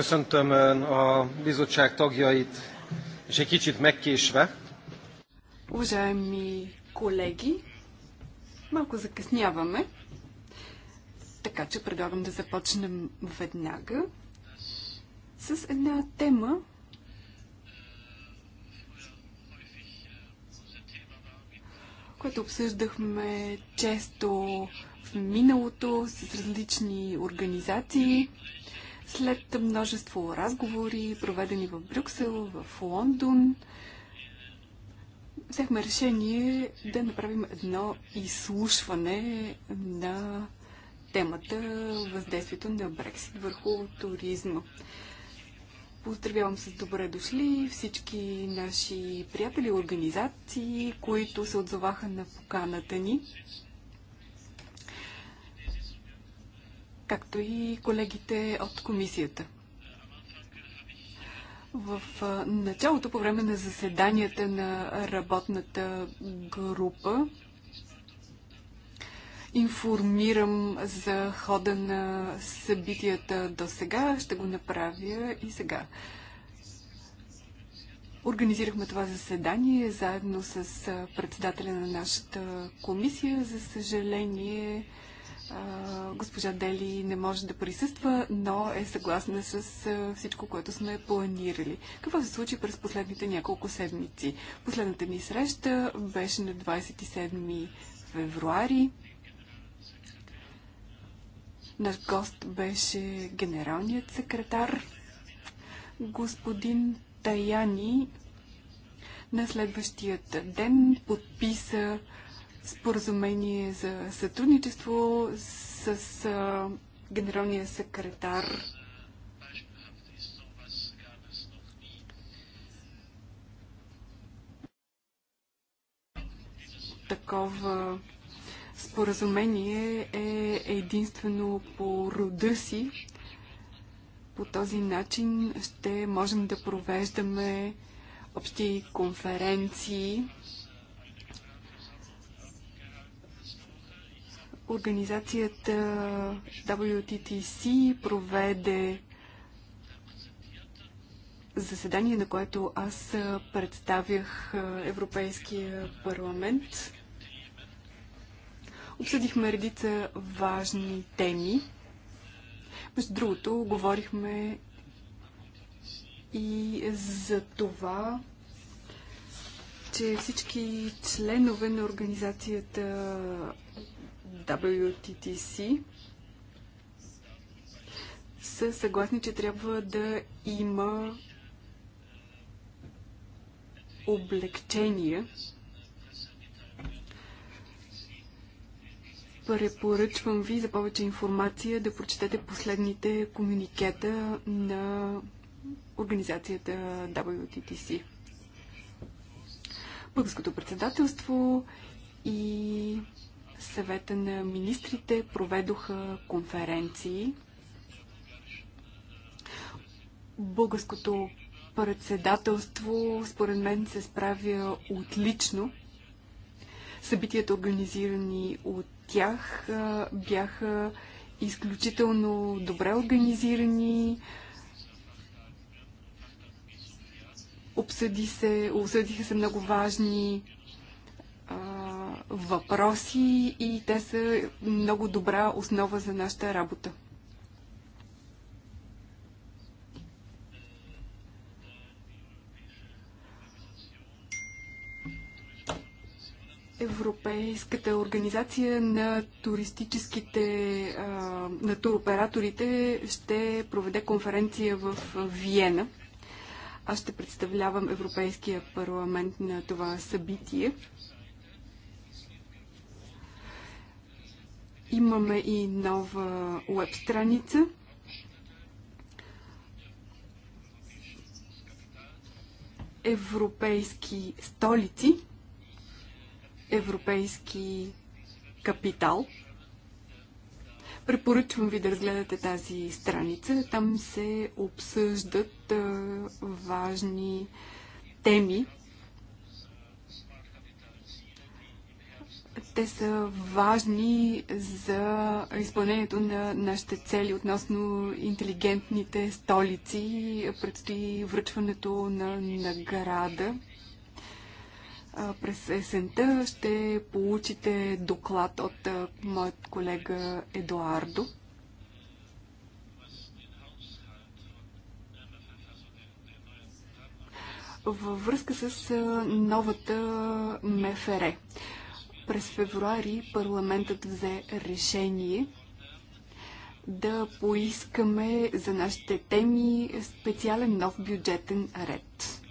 Köszöntöm a bizottság tagjait, és egy kicsit megkésve. Уважаеми колеги, малко закъсняваме, така че предлагам да започнем веднага с една тема, Която обсъждахме често в миналото с различни организации. След множество разговори, проведени в Брюксел, в Лондон, взехме решение да направим едно изслушване на темата въздействието на Брексит върху туризма. Поздравявам с добре дошли всички наши приятели, организации, които се отзоваха на поканата ни. както и колегите от комисията. В началото, по време на заседанията на работната група, информирам за хода на събитията до сега. Ще го направя и сега. Организирахме това заседание заедно с председателя на нашата комисия. За съжаление, Госпожа Дели не може да присъства, но е съгласна с всичко, което сме планирали. Какво се случи през последните няколко седмици? Последната ни среща беше на 27 февруари. Наш гост беше генералният секретар господин Таяни. На следващият ден подписа споразумение за сътрудничество с генералния секретар такова споразумение е единствено по рода си. По този начин ще можем да провеждаме общи конференции Организацията WTTC проведе заседание, на което аз представях Европейския парламент. Обсъдихме редица важни теми. Между другото, говорихме и за това, че всички членове на организацията WTTC са съгласни, че трябва да има облегчения. Препоръчвам ви за повече информация да прочетете последните комуникета на организацията WTTC. Българското председателство и съвета на министрите проведоха конференции. Българското председателство, според мен, се справя отлично. Събитията, организирани от тях, бяха изключително добре организирани. Обсъди се, обсъдиха се много важни въпроси и те са много добра основа за нашата работа. Европейската организация на туристическите, на туроператорите ще проведе конференция в Виена. Аз ще представлявам Европейския парламент на това събитие. Имаме и нова веб страница. Европейски столици, европейски капитал. Препоръчвам ви да разгледате тази страница. Там се обсъждат важни теми Те са важни за изпълнението на нашите цели относно интелигентните столици. Предстои връчването на награда. През есента ще получите доклад от моят колега Едуардо. във връзка с новата МФР. През февруари парламентът взе решение да поискаме за нашите теми специален нов бюджетен ред.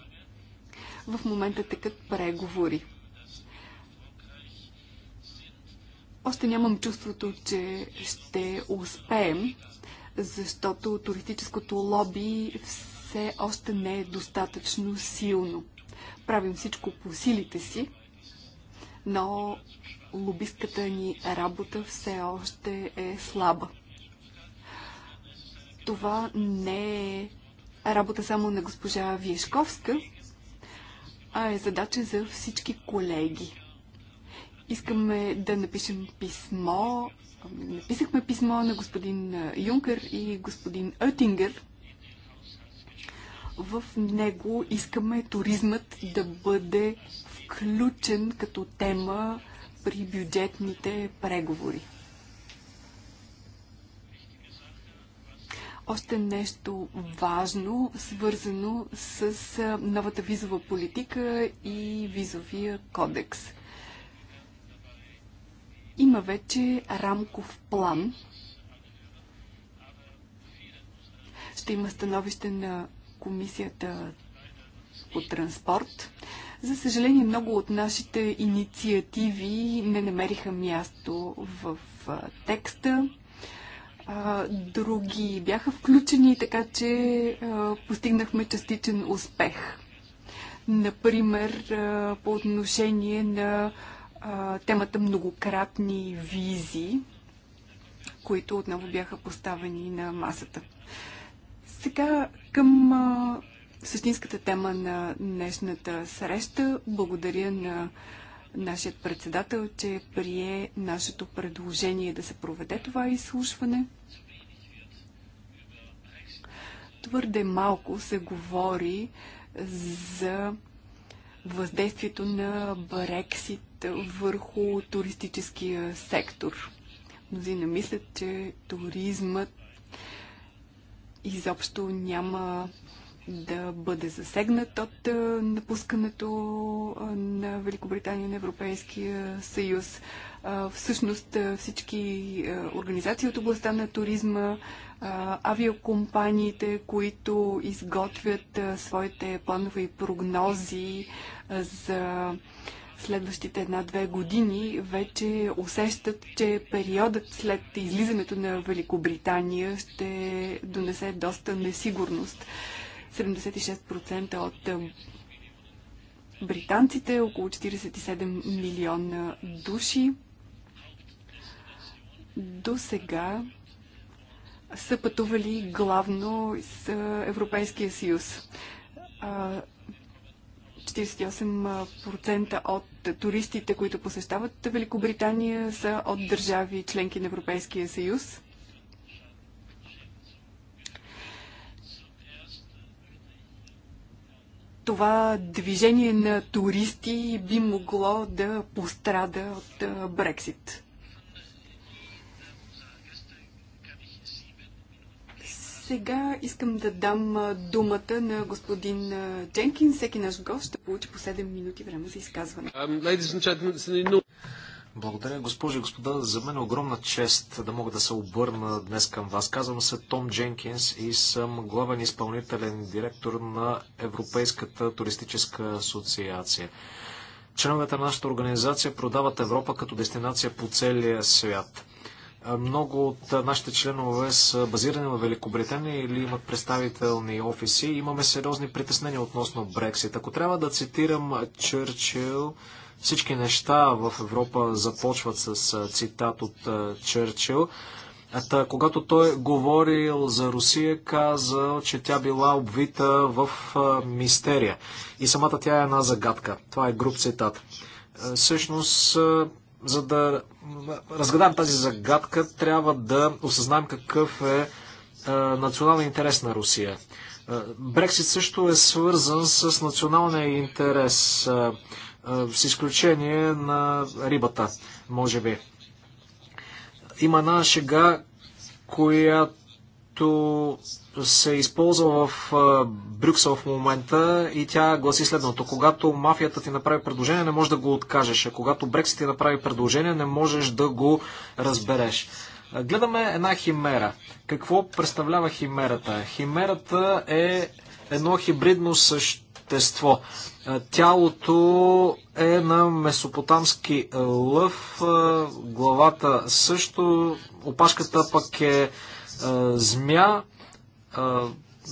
В момента текат преговори. Още нямам чувството, че ще успеем, защото туристическото лоби все още не е достатъчно силно. Правим всичко по силите си, но лобистката ни работа все още е слаба. Това не е работа само на госпожа Виешковска, а е задача за всички колеги. Искаме да напишем писмо. Написахме писмо на господин Юнкер и господин Оттингер. В него искаме туризмът да бъде Ключен като тема при бюджетните преговори. Още нещо важно, свързано с новата визова политика и визовия кодекс. Има вече рамков план. Ще има становище на комисията по транспорт. За съжаление, много от нашите инициативи не намериха място в текста. Други бяха включени, така че постигнахме частичен успех. Например, по отношение на темата многократни визи, които отново бяха поставени на масата. Сега към същинската тема на днешната среща. Благодаря на нашият председател, че прие нашето предложение да се проведе това изслушване. Твърде малко се говори за въздействието на Брексит върху туристическия сектор. Мнозина мислят, че туризмът изобщо няма да бъде засегнат от напускането на Великобритания на Европейския съюз. Всъщност всички организации от областта на туризма, авиокомпаниите, които изготвят своите планове и прогнози за следващите една-две години вече усещат, че периодът след излизането на Великобритания ще донесе доста несигурност. 76% от е, британците, около 47 милиона души. До сега са пътували главно с Европейския съюз. 48% от туристите, които посещават Великобритания, са от държави членки на Европейския съюз. това движение на туристи би могло да пострада от Брексит. Сега искам да дам думата на господин Дженкин. Всеки наш гост ще получи по 7 минути време за изказване. Um, благодаря, госпожи и господа. За мен е огромна чест да мога да се обърна днес към вас. Казвам се Том Дженкинс и съм главен изпълнителен директор на Европейската туристическа асоциация. Членовете на нашата организация продават Европа като дестинация по целия свят. Много от нашите членове са базирани в Великобритания или имат представителни офиси. Имаме сериозни притеснения относно Брексит. Ако трябва да цитирам Чърчил, всички неща в Европа започват с цитат от Черчил. Та, когато той говорил за Русия, каза, че тя била обвита в а, мистерия. И самата тя е една загадка. Това е груп цитат. А, всъщност, а, за да разгадаем тази загадка, трябва да осъзнаем какъв е националния интерес на Русия. Брексит също е свързан с националния интерес с изключение на рибата, може би. Има една шега, която се използва в Брюксел в момента и тя гласи следното. Когато мафията ти направи предложение, не можеш да го откажеш. А когато Брексит ти направи предложение, не можеш да го разбереш. Гледаме една химера. Какво представлява химерата? Химерата е едно хибридно същество естество. Тялото е на месопотамски лъв, главата също, опашката пък е змия,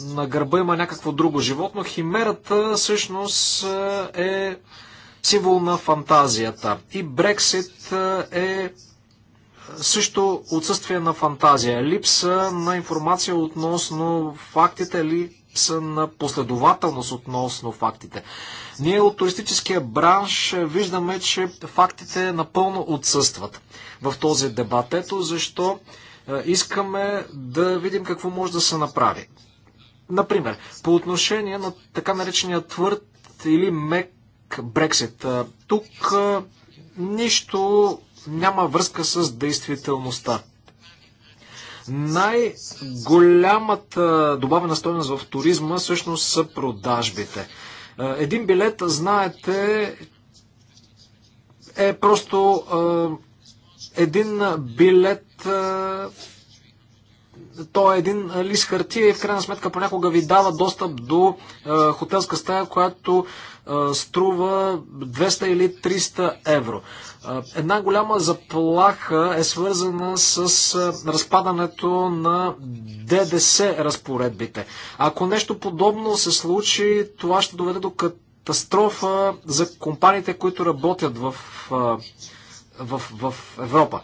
на гърба има някакво друго животно. Химерата всъщност е символ на фантазията. И Брексит е също отсъствие на фантазия, липса на информация относно фактите ли липса на последователност относно фактите. Ние от туристическия бранш виждаме, че фактите напълно отсъстват в този дебат. Ето защо е, искаме да видим какво може да се направи. Например, по отношение на така наречения твърд или мек Брексит. Е, тук е, нищо няма връзка с действителността. Най-голямата добавена стоеност в туризма всъщност са продажбите. Е, един билет, знаете, е просто е, един билет е, то е един лист хартия и в крайна сметка понякога ви дава достъп до е, хотелска стая, която е, струва 200 или 300 евро. Е, една голяма заплаха е свързана с е, разпадането на ДДС разпоредбите. Ако нещо подобно се случи, това ще доведе до катастрофа за компаниите, които работят в, е, в, в Европа.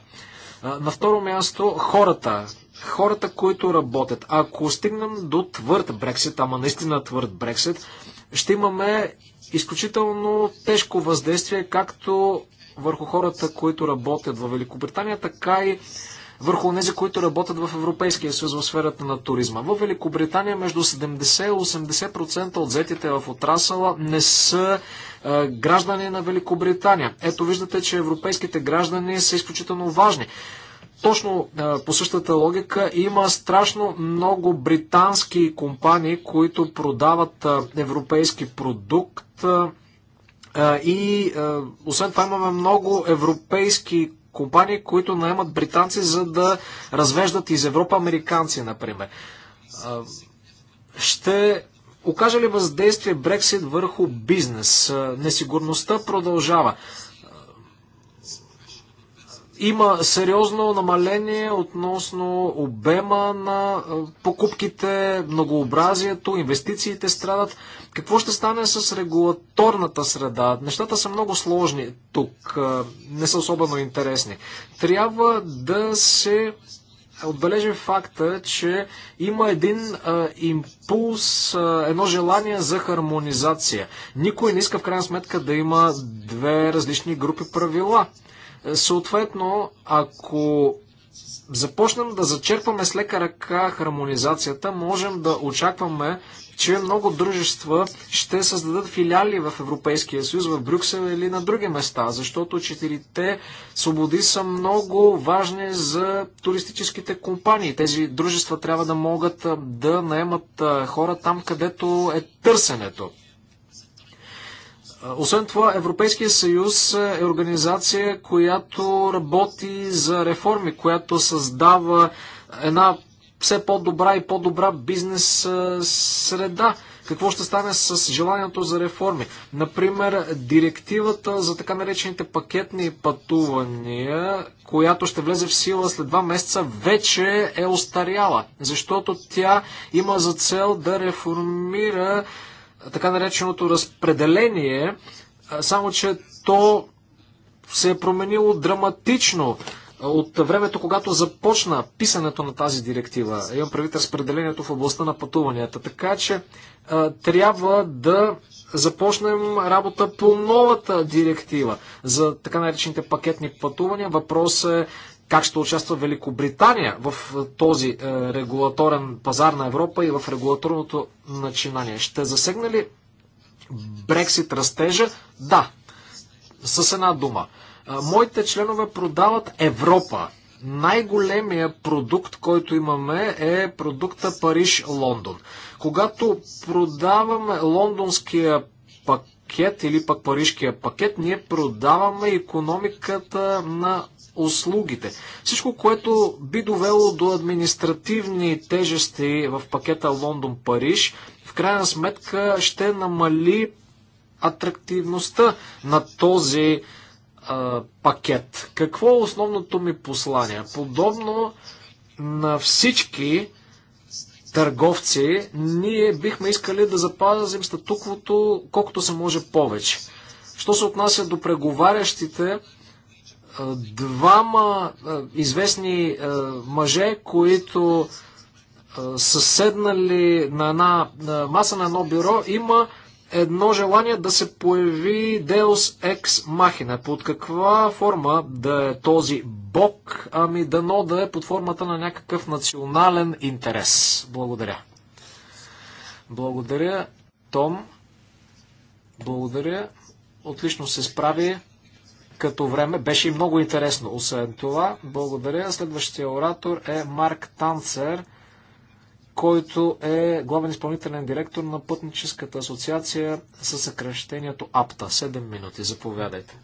На второ място хората, хората, които работят. Ако стигнем до твърд Брексит, ама наистина твърд Брексит, ще имаме изключително тежко въздействие както върху хората, които работят в Великобритания, така и върху тези, които работят в Европейския съюз в сферата на туризма. В Великобритания между 70 и 80% от взетите в отрасъла не са е, граждани на Великобритания. Ето виждате, че европейските граждани са изключително важни точно по същата логика има страшно много британски компании, които продават европейски продукт и освен това имаме много европейски компании, които наемат британци, за да развеждат из Европа американци, например. Ще окаже ли въздействие Брексит върху бизнес? Несигурността продължава. Има сериозно намаление относно обема на покупките, многообразието, инвестициите страдат. Какво ще стане с регулаторната среда? Нещата са много сложни тук, не са особено интересни. Трябва да се отбележи факта, че има един а, импулс, а, едно желание за хармонизация. Никой не иска в крайна сметка да има две различни групи правила Съответно, ако започнем да зачерпваме с лека ръка хармонизацията, можем да очакваме, че много дружества ще създадат филиали в Европейския съюз, в Брюксел или на други места, защото четирите свободи са много важни за туристическите компании. Тези дружества трябва да могат да наемат хора там, където е търсенето. Освен това, Европейския съюз е организация, която работи за реформи, която създава една все по-добра и по-добра бизнес среда. Какво ще стане с желанието за реформи? Например, директивата за така наречените пакетни пътувания, която ще влезе в сила след два месеца, вече е остаряла, защото тя има за цел да реформира така нареченото разпределение, само че то се е променило драматично от времето, когато започна писането на тази директива. Имам правит разпределението в областта на пътуванията. Така че трябва да започнем работа по новата директива за така наречените пакетни пътувания. Въпрос е как ще участва Великобритания в е, този е, регулаторен пазар на Европа и в регулаторното начинание. Ще засегна ли Брексит растежа? Да, с една дума. Е, моите членове продават Европа. Най-големия продукт, който имаме е продукта Париж-Лондон. Когато продаваме лондонския пакет или пък парижкия пакет, ние продаваме економиката на услугите. Всичко, което би довело до административни тежести в пакета Лондон-Париж, в крайна сметка ще намали атрактивността на този а, пакет. Какво е основното ми послание? Подобно на всички търговци, ние бихме искали да запазим статуквото колкото се може повече. Що се отнася до преговарящите, двама известни мъже, които са седнали на една маса на едно бюро, има едно желание да се появи Deus Ex Machina. Под каква форма да е този бог, ами дано да е под формата на някакъв национален интерес. Благодаря. Благодаря, Том. Благодаря. Отлично се справи като време. Беше и много интересно. Освен това, благодаря. Следващия оратор е Марк Танцер, който е главен изпълнителен директор на Пътническата асоциация със съкръщението АПТА. Седем минути. Заповядайте.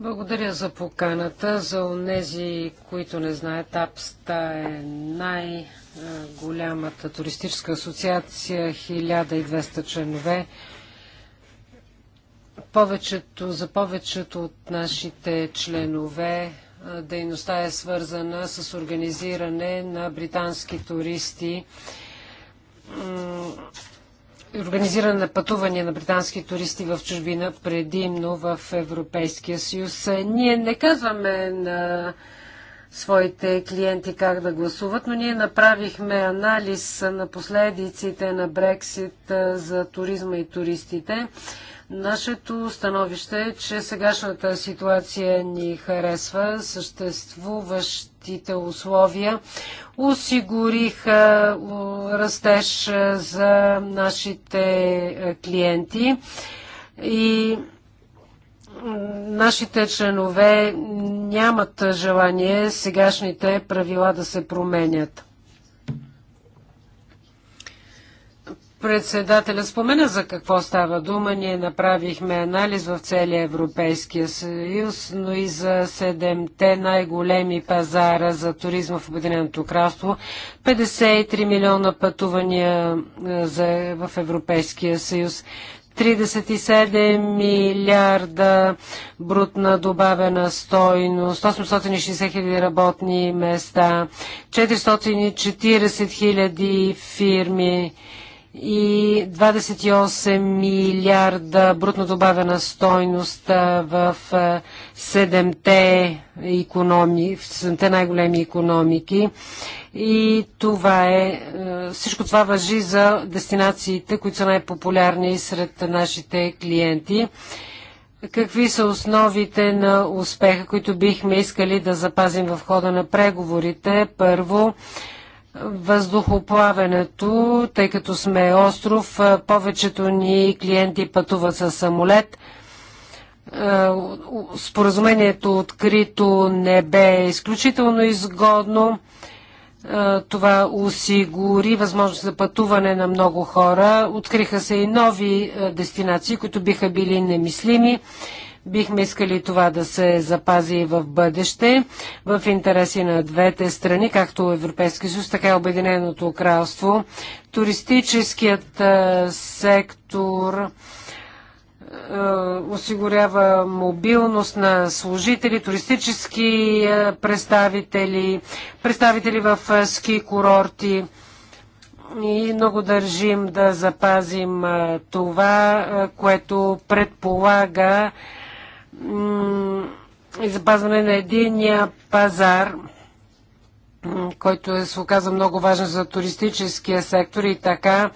Благодаря за поканата. За онези, които не знаят, АПСТА е най-голямата туристическа асоциация, 1200 членове повечето, за повечето от нашите членове дейността е свързана с организиране на британски туристи, организиране на пътувания на британски туристи в чужбина, предимно в Европейския съюз. Ние не казваме на своите клиенти как да гласуват, но ние направихме анализ на последиците на Брексит за туризма и туристите Нашето становище е, че сегашната ситуация ни харесва. Съществуващите условия осигуриха растеж за нашите клиенти и нашите членове нямат желание сегашните правила да се променят. Председателя спомена за какво става дума. Ние направихме анализ в целия Европейския съюз, но и за седемте най-големи пазара за туризма в Обединеното кралство. 53 милиона пътувания е, за, в Европейския съюз. 37 милиарда брутна добавена стойност, 860 хиляди работни места, 440 хиляди фирми, и 28 милиарда брутно добавена стойност в 7-те, економи, в 7-те най-големи економики. И това е, всичко това въжи за дестинациите, които са най-популярни сред нашите клиенти. Какви са основите на успеха, които бихме искали да запазим в хода на преговорите? Първо, въздухоплаването, тъй като сме остров, повечето ни клиенти пътуват със самолет. Споразумението открито не бе изключително изгодно. Това осигури възможност за пътуване на много хора. Откриха се и нови дестинации, които биха били немислими. Бихме искали това да се запази и в бъдеще, в интереси на двете страни, както Европейски съюз, така и Обединеното кралство. Туристическият сектор осигурява мобилност на служители, туристически представители, представители в ски курорти. И много държим да запазим това, което предполага и запазване на единия пазар, който е- се оказа много важен за туристическия сектор и така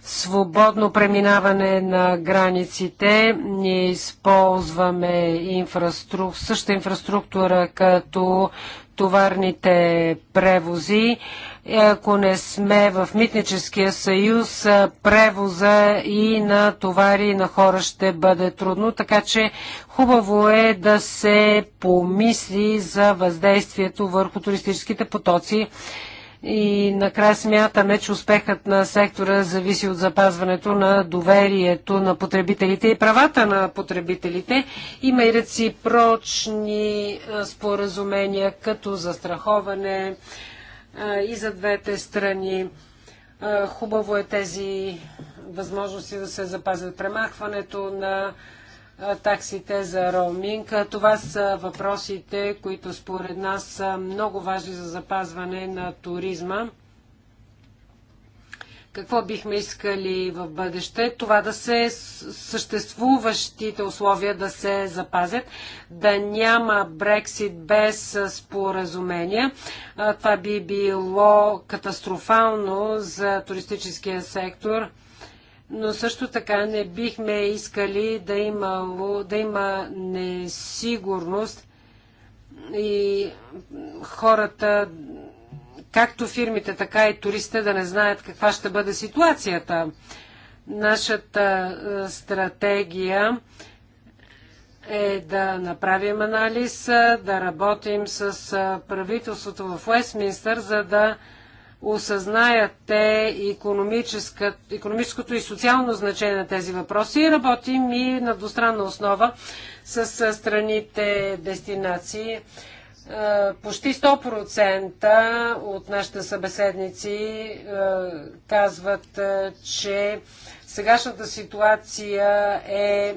свободно преминаване на границите. Ние използваме инфраструк... същата инфраструктура като товарните превози ако не сме в митническия съюз, превоза и на товари и на хора ще бъде трудно, така че хубаво е да се помисли за въздействието върху туристическите потоци. И накрая смятаме, че успехът на сектора зависи от запазването на доверието на потребителите и правата на потребителите. Има и реципрочни споразумения, като застраховане, и за двете страни. Хубаво е тези възможности да се запазят премахването на таксите за роуминг. Това са въпросите, които според нас са много важни за запазване на туризма какво бихме искали в бъдеще, това да се съществуващите условия да се запазят, да няма Брексит без споразумения. Това би било катастрофално за туристическия сектор, но също така не бихме искали да, има, да има несигурност и хората както фирмите, така и туристите да не знаят каква ще бъде ситуацията. Нашата е, стратегия е да направим анализ, е, да работим с е, правителството в Уестминстър, за да осъзнаят те економическото и социално значение на тези въпроси и работим и на двустранна основа с страните дестинации. Е, почти 100% от нашите събеседници е, казват, е, че сегашната ситуация е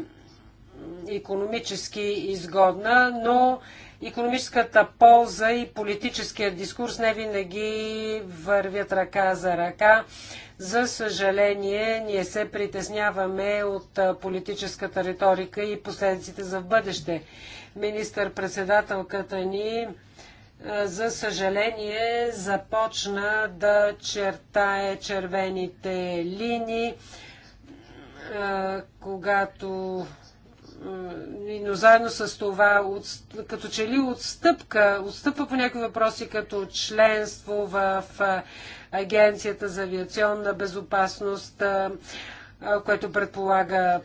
економически изгодна, но Економическата полза и политическия дискурс не винаги вървят ръка за ръка. За съжаление, ние се притесняваме от политическата риторика и последиците за в бъдеще. Министър-председателката ни за съжаление, започна да чертае червените линии, когато но заедно с това, от, като че ли отстъпка, отстъпва по някои въпроси, като членство в Агенцията за авиационна безопасност, което предполага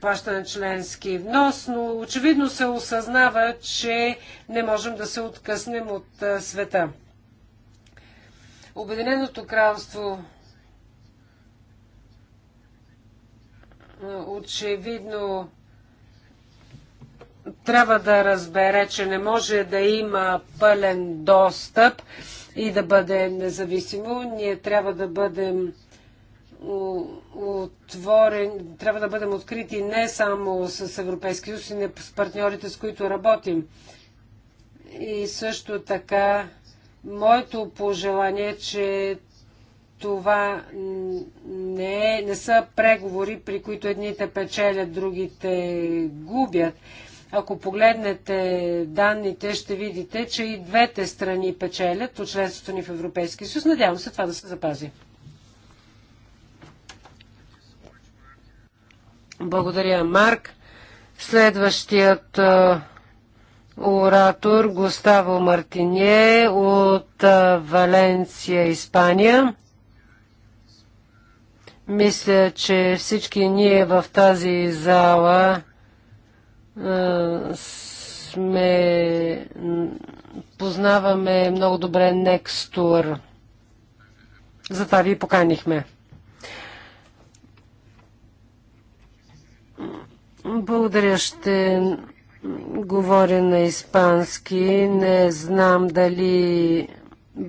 плащане членски внос, но очевидно се осъзнава, че не можем да се откъснем от света. Обединеното кралство очевидно трябва да разбере, че не може да има пълен достъп и да бъде независимо. Ние трябва да бъдем отворени, трябва да бъдем открити не само с Европейски съюз, и не с партньорите, с които работим. И също така, моето пожелание е, че това не, е, не са преговори, при които едните печелят, другите губят. Ако погледнете данните, ще видите, че и двете страни печелят от членството ни в Европейския съюз. Надявам се това да се запази. Благодаря, Марк. Следващият оратор Густаво Мартинье от Валенсия, Испания. Мисля, че всички ние в тази зала е, сме, познаваме много добре Nexttour. Затова ви поканихме. Благодаря, ще говоря на испански. Не знам дали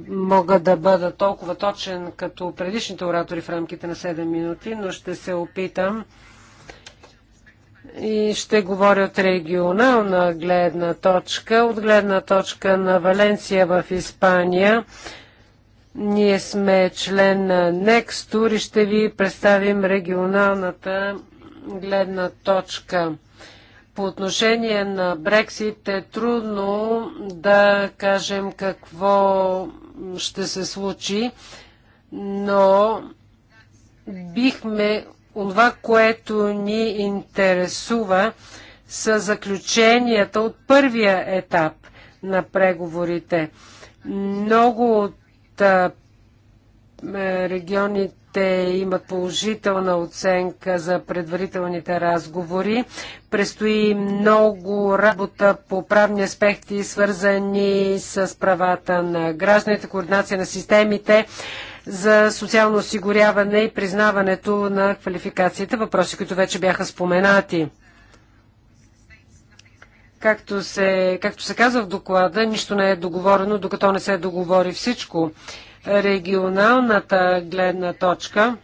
мога да бъда толкова точен като предишните оратори в рамките на 7 минути, но ще се опитам и ще говоря от регионална гледна точка. От гледна точка на Валенсия в Испания, ние сме член на Nextur и ще ви представим регионалната гледна точка. По отношение на Брексит е трудно да кажем какво ще се случи, но бихме Онова, което ни интересува, са заключенията от първия етап на преговорите. Много от а, е, регионите имат положителна оценка за предварителните разговори. Престои много работа по правни аспекти, свързани с правата на гражданите, координация на системите, за социално осигуряване и признаването на квалификацията, въпроси, които вече бяха споменати. Както се, както се казва в доклада, нищо не е договорено, докато не се договори всичко. Регионалната гледна точка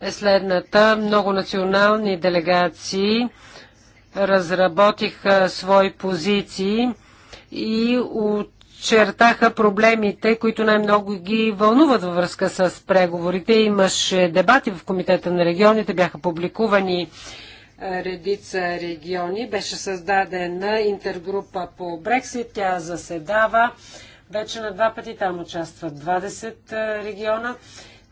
е следната. Много национални делегации разработиха свои позиции и от подчертаха проблемите, които най-много ги вълнуват във връзка с преговорите. Имаше дебати в Комитета на регионите, бяха публикувани е, редица региони. Беше създадена интергрупа по Брексит. Тя заседава вече на два пъти. Там участват 20 е, региона.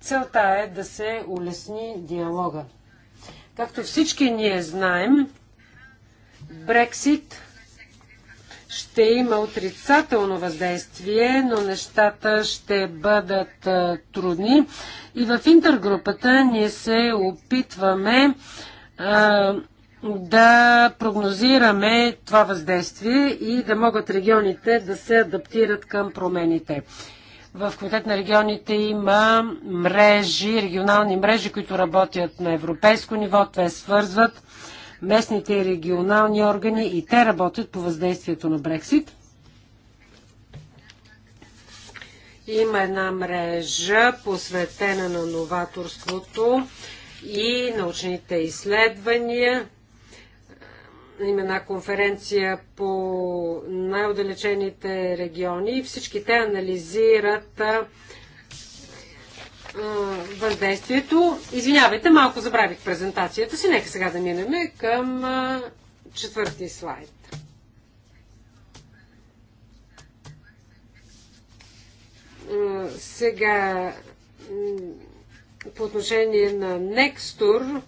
Целта е да се улесни диалога. Както всички ние знаем, Брексит ще има отрицателно въздействие, но нещата ще бъдат трудни. И в интергрупата ние се опитваме а, да прогнозираме това въздействие и да могат регионите да се адаптират към промените. В Комитет на регионите има мрежи, регионални мрежи, които работят на европейско ниво. Те свързват местните и регионални органи и те работят по въздействието на Брексит. Има една мрежа, посветена на новаторството и научните изследвания. Има една конференция по най-отдалечените региони и всички те анализират въздействието. Извинявайте, малко забравих презентацията си. Нека сега да минеме към четвърти слайд. Сега по отношение на Nextur,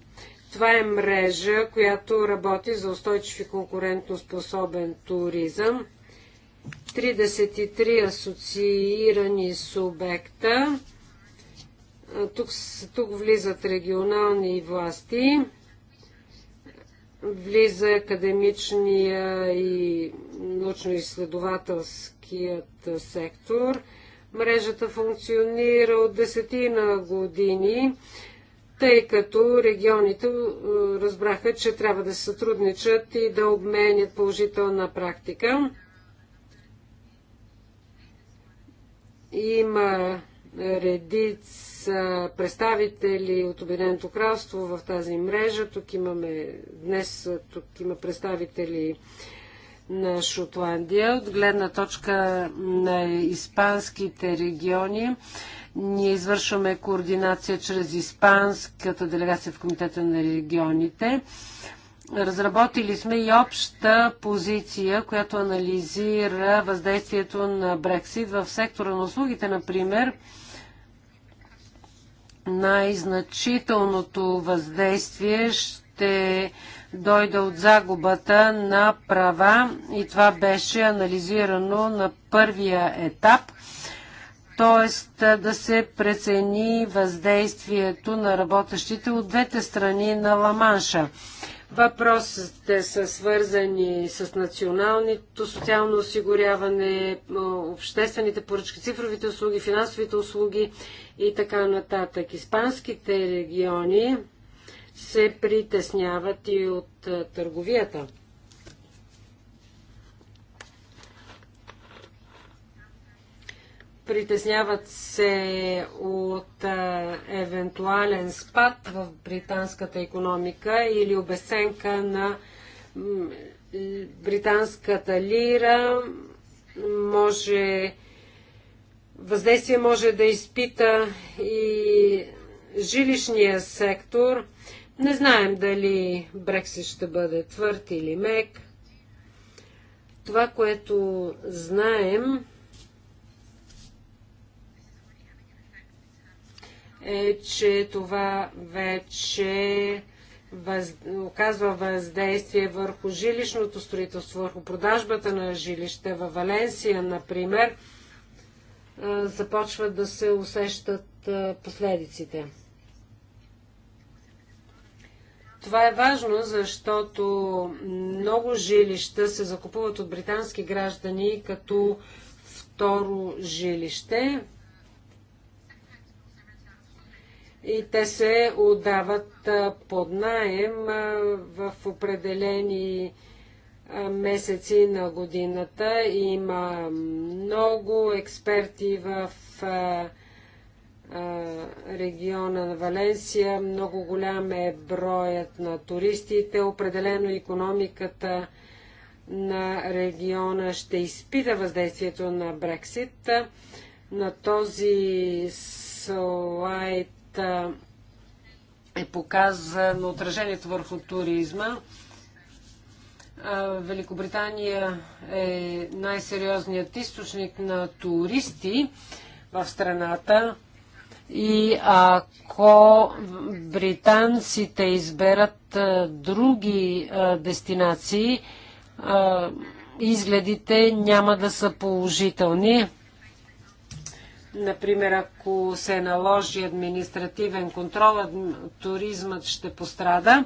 това е мрежа, която работи за устойчив и способен туризъм. 33 асоциирани субекта тук, тук влизат регионални власти, влиза академичния и научно-изследователският сектор. Мрежата функционира от десетина години, тъй като регионите разбраха, че трябва да се сътрудничат и да обменят положителна практика. Има редица представители от Обединеното кралство в тази мрежа. Тук имаме, днес тук има представители на Шотландия. От гледна точка на испанските региони, ние извършваме координация чрез испанската делегация в Комитета на регионите. Разработили сме и обща позиция, която анализира въздействието на Брексит в сектора на услугите, например най-значителното въздействие ще дойде от загубата на права и това беше анализирано на първия етап, т.е. да се прецени въздействието на работещите от двете страни на Ламанша. Въпросите са свързани с националното социално осигуряване, обществените поръчки, цифровите услуги, финансовите услуги и така нататък. Испанските региони се притесняват и от търговията. Притесняват се от а, евентуален спад в британската економика или обесценка на британската лира. Може, въздействие може да изпита и жилищния сектор. Не знаем дали Брексит ще бъде твърд или мек. Това, което знаем, е, че това вече въз... оказва въздействие върху жилищното строителство, върху продажбата на жилище. Във Валенсия, например, е, започват да се усещат е, последиците. Това е важно, защото много жилища се закупуват от британски граждани като второ жилище и те се отдават под найем в определени месеци на годината. Има много експерти в региона на Валенсия. Много голям е броят на туристите. Определено економиката на региона ще изпита въздействието на Брексит. На този слайд е показано отражението върху туризма. Великобритания е най-сериозният източник на туристи в страната. И ако британците изберат а, други а, дестинации, а, изгледите няма да са положителни. Например, ако се наложи административен контрол, туризмът ще пострада.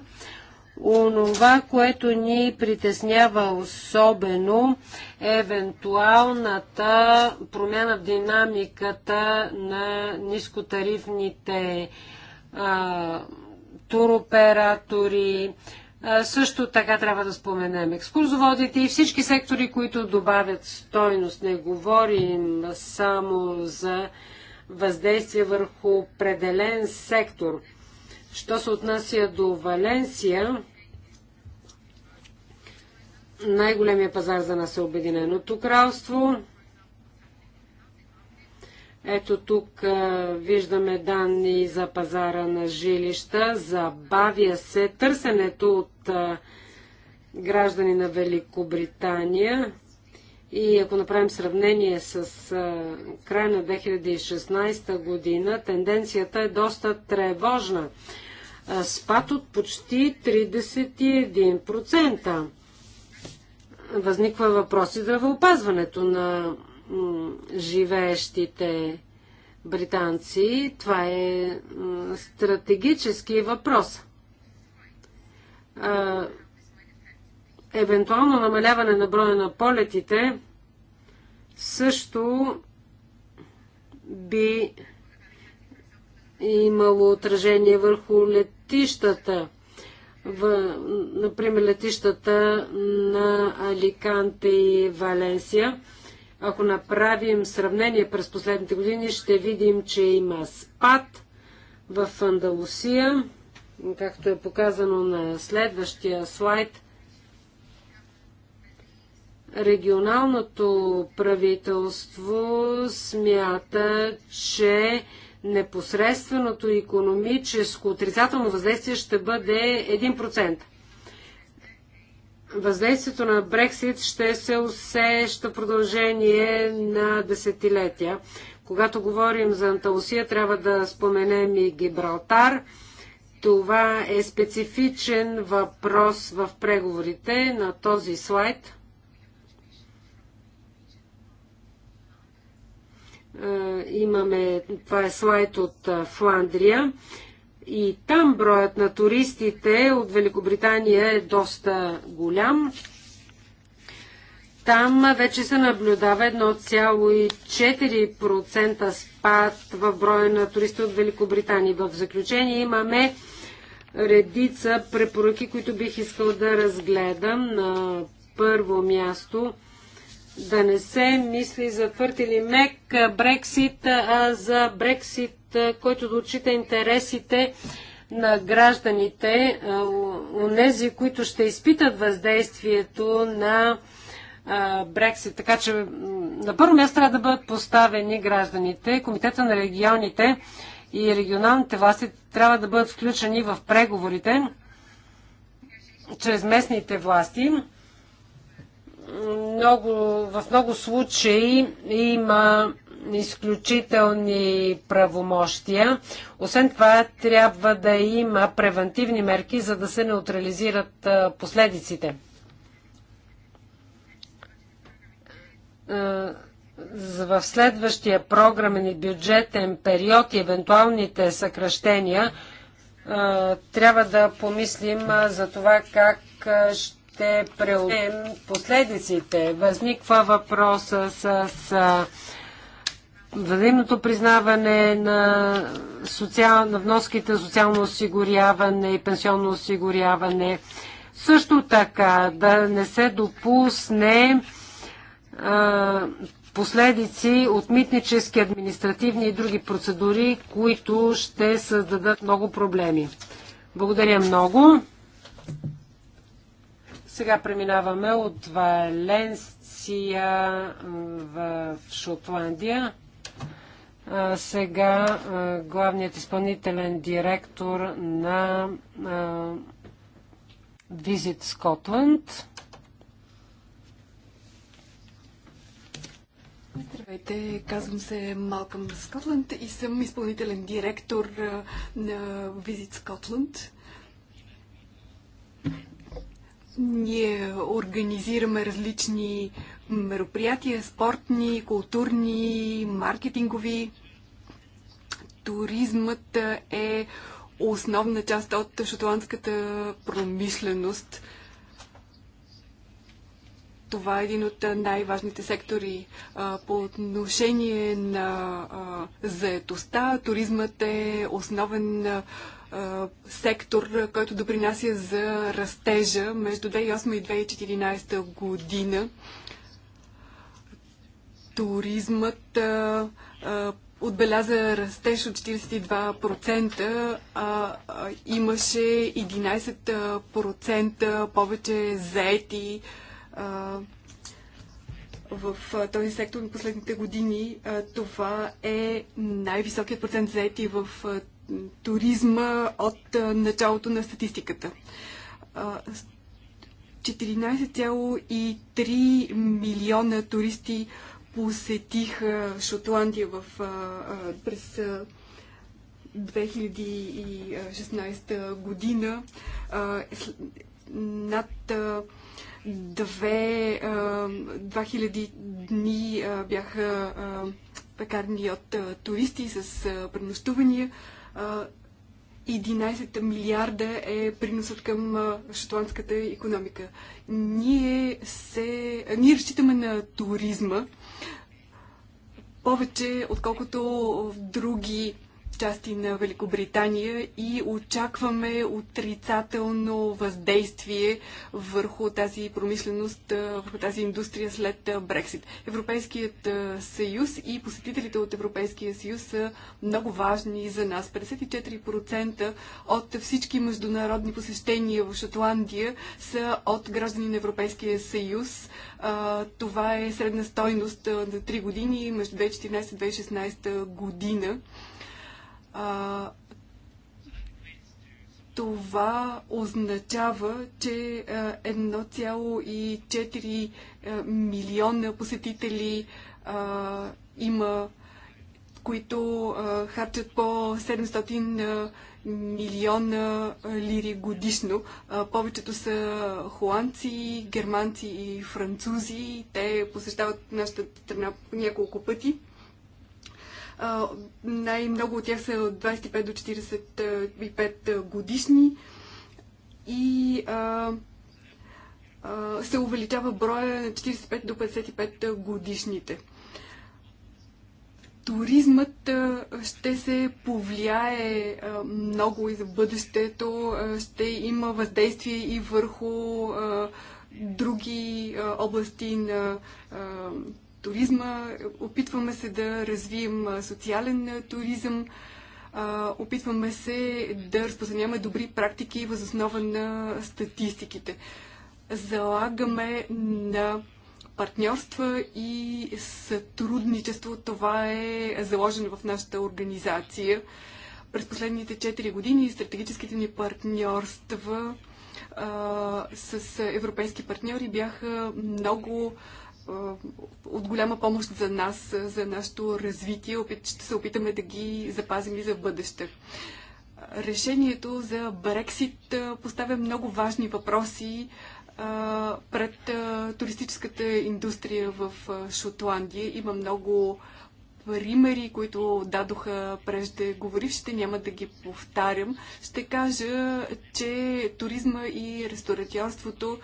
Онова, което ни притеснява особено е евентуалната промяна в динамиката на нискотарифните а, туроператори, също така трябва да споменем екскурзоводите и всички сектори, които добавят стойност. Не говорим само за въздействие върху определен сектор. Що се отнася до Валенсия, най-големия пазар за нас е Обединеното кралство. Ето тук а, виждаме данни за пазара на жилища. Забавя се търсенето от а, граждани на Великобритания. И ако направим сравнение с а, края на 2016 година, тенденцията е доста тревожна. А, спад от почти 31%. Възниква въпрос и здравеопазването на живеещите британци. Това е стратегически въпрос. Евентуално намаляване на броя на полетите също би имало отражение върху летищата. В, например, летищата на Аликанте и Валенсия. Ако направим сравнение през последните години, ще видим, че има спад в Андалусия, както е показано на следващия слайд – регионалното правителство смята, че непосредственото економическо отрицателно въздействие ще бъде 1% въздействието на Брексит ще се усеща продължение на десетилетия. Когато говорим за Анталусия, трябва да споменем и Гибралтар. Това е специфичен въпрос в преговорите на този слайд. Е, имаме, това е слайд от е, Фландрия. И там броят на туристите от Великобритания е доста голям. Там вече се наблюдава 1,4% спад в броя на туристи от Великобритания. В заключение имаме редица препоръки, които бих искал да разгледам. На първо място да не се мисли за твърд или мек Брексит, а за Брексит който да отчита интересите на гражданите, онези, които ще изпитат въздействието на Брексит. Така че на първо място трябва да бъдат поставени гражданите. Комитета на регионите и регионалните власти трябва да бъдат включени в преговорите чрез местните власти. Много, в много случаи има изключителни правомощия. Освен това, трябва да има превентивни мерки, за да се неутрализират последиците. В следващия програмен и бюджетен период и евентуалните съкръщения трябва да помислим за това как ще преодолеем последиците. Възниква въпроса с, с взаимното признаване на, социал, на вноските за социално осигуряване и пенсионно осигуряване. Също така да не се допусне а, последици от митнически, административни и други процедури, които ще създадат много проблеми. Благодаря много. Сега преминаваме от валенция в Шотландия сега главният изпълнителен директор на Визит Скотланд. Здравейте, казвам се Малкам Скотланд и съм изпълнителен директор на Визит Скотланд. Ние организираме различни мероприятия, спортни, културни, маркетингови. Туризмът е основна част от шотландската промишленост. Това е един от най-важните сектори. По отношение на заетостта, туризмът е основен сектор, който допринася за растежа между 2008 и 2014 година туризмът а, а, отбеляза растеж от 42%, а, а имаше 11% повече заети а, в а, този сектор на последните години. А, това е най-високият процент заети в а, туризма от а, началото на статистиката. А, 14,3 милиона туристи посетиха Шотландия в, през 2016 година. Над 2000 дни бяха прекарани от туристи с пренощувания. 11 милиарда е приносът към шотландската економика. Ние, се, ние разчитаме на туризма повече, отколкото в други части на Великобритания и очакваме отрицателно въздействие върху тази промишленост, върху тази индустрия след Брексит. Европейският съюз и посетителите от Европейския съюз са много важни за нас. 54% от всички международни посещения в Шотландия са от граждани на Европейския съюз. Това е средна стойност на 3 години между 2014-2016 година. А, това означава, че 1,4 милиона посетители а, има, които а, харчат по 700 милиона лири годишно. А, повечето са холандци, германци и французи. Те посещават нашата страна няколко пъти. Най-много от тях са от 25 до 45 годишни и а, а, се увеличава броя на 45 до 55 годишните. Туризмът ще се повлияе много и за бъдещето, ще има въздействие и върху други области на туризма, опитваме се да развием социален туризъм, опитваме се да разпознаваме добри практики въз основа на статистиките. Залагаме на партньорства и сътрудничество. Това е заложено в нашата организация. През последните 4 години стратегическите ни партньорства а, с европейски партньори бяха много е, от голяма помощ за нас, е, за нашето развитие. Ще се опитаме да ги запазим и за бъдеще. Решението за Брексит е, поставя много важни въпроси пред туристическата индустрия в Шотландия. Има много примери, които дадоха преждеговорившите, няма да ги повтарям. Ще кажа, че туризма и ресторантьорството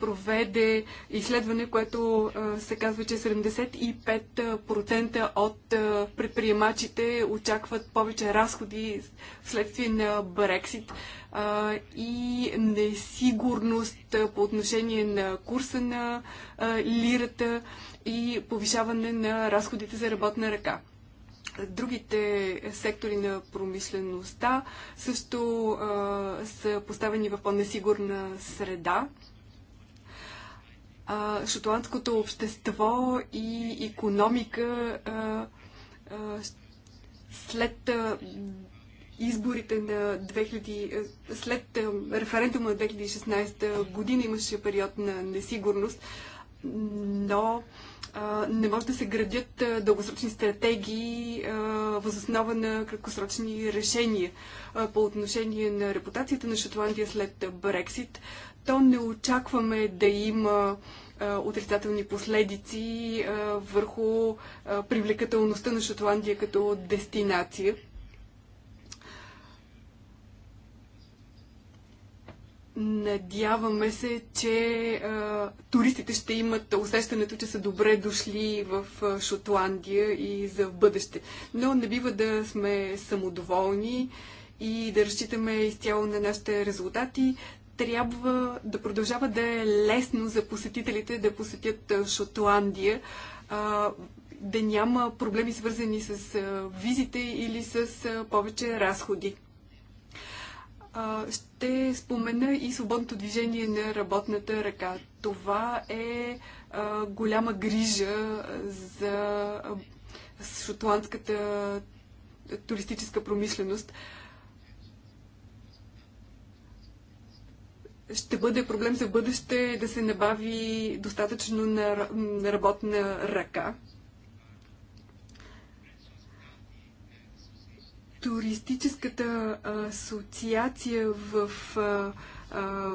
проведе изследване, което се казва, че 75% от предприемачите очакват повече разходи вследствие на Брексит и несигурност по отношение на курса на лирата и повишаване на разходите за работна ръка другите сектори на промишлеността също а, са поставени в по-несигурна среда а, шотландското общество и економика а, а, след а, изборите на 2000, след референдума на 2016 година имаше период на несигурност, но а, не може да се градят а, дългосрочни стратегии възоснова на краткосрочни решения. А, по отношение на репутацията на Шотландия след Брексит, то не очакваме да има отрицателни последици върху привлекателността на Шотландия като дестинация. Надяваме се, че а, туристите ще имат усещането, че са добре дошли в Шотландия и за в бъдеще. Но не бива да сме самодоволни и да разчитаме изцяло на нашите резултати трябва да продължава да е лесно за посетителите да посетят Шотландия, да няма проблеми свързани с визите или с повече разходи. Ще спомена и свободното движение на работната ръка. Това е голяма грижа за шотландската туристическа промишленост. ще бъде проблем за бъдеще да се набави достатъчно на, на работна ръка. Туристическата асоциация в а, а,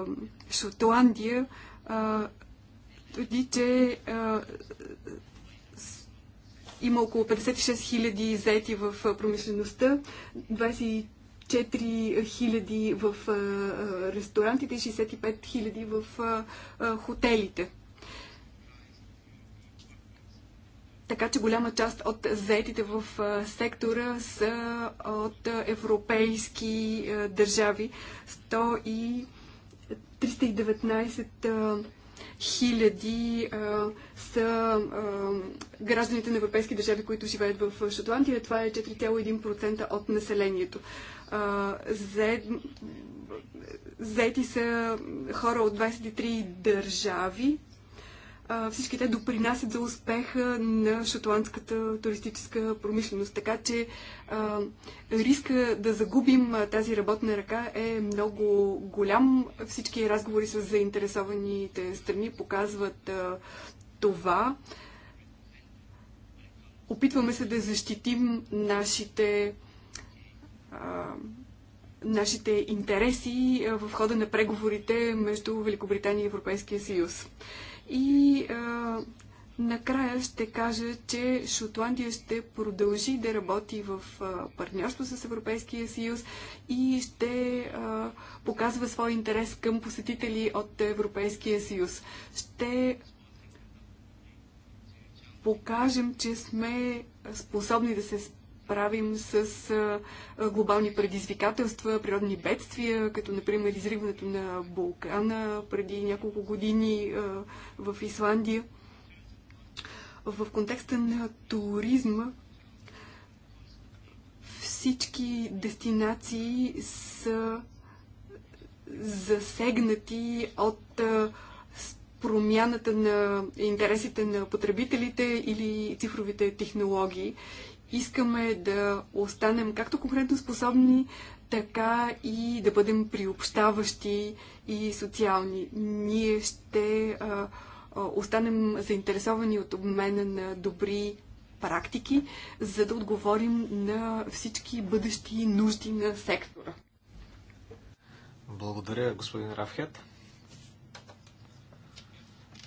Шотландия а, твърди, че а, има около 56 000 заети в промишлеността, 4000 в ресторантите и 65 000 в хотелите. Така че голяма част от заетите в сектора са от европейски държави. 100 и 319 хиляди са гражданите на европейски държави, които живеят в Шотландия. Това е 4,1% от населението. Зед... Зети са хора от 23 държави. Всички те допринасят за успеха на шотландската туристическа промишленост. Така че риска да загубим тази работна ръка е много голям. Всички разговори с заинтересованите страни показват това. Опитваме се да защитим нашите нашите интереси в хода на преговорите между Великобритания и Европейския съюз. И а, накрая ще кажа, че Шотландия ще продължи да работи в партньорство с Европейския съюз и ще а, показва свой интерес към посетители от Европейския съюз. Ще покажем, че сме способни да се справим с глобални предизвикателства, природни бедствия, като например изриването на Балкана преди няколко години в Исландия. В контекста на туризма всички дестинации са засегнати от промяната на интересите на потребителите или цифровите технологии искаме да останем както конкретно способни, така и да бъдем приобщаващи и социални. Ние ще а, останем заинтересовани от обмена на добри практики, за да отговорим на всички бъдещи нужди на сектора. Благодаря, господин Рафхет.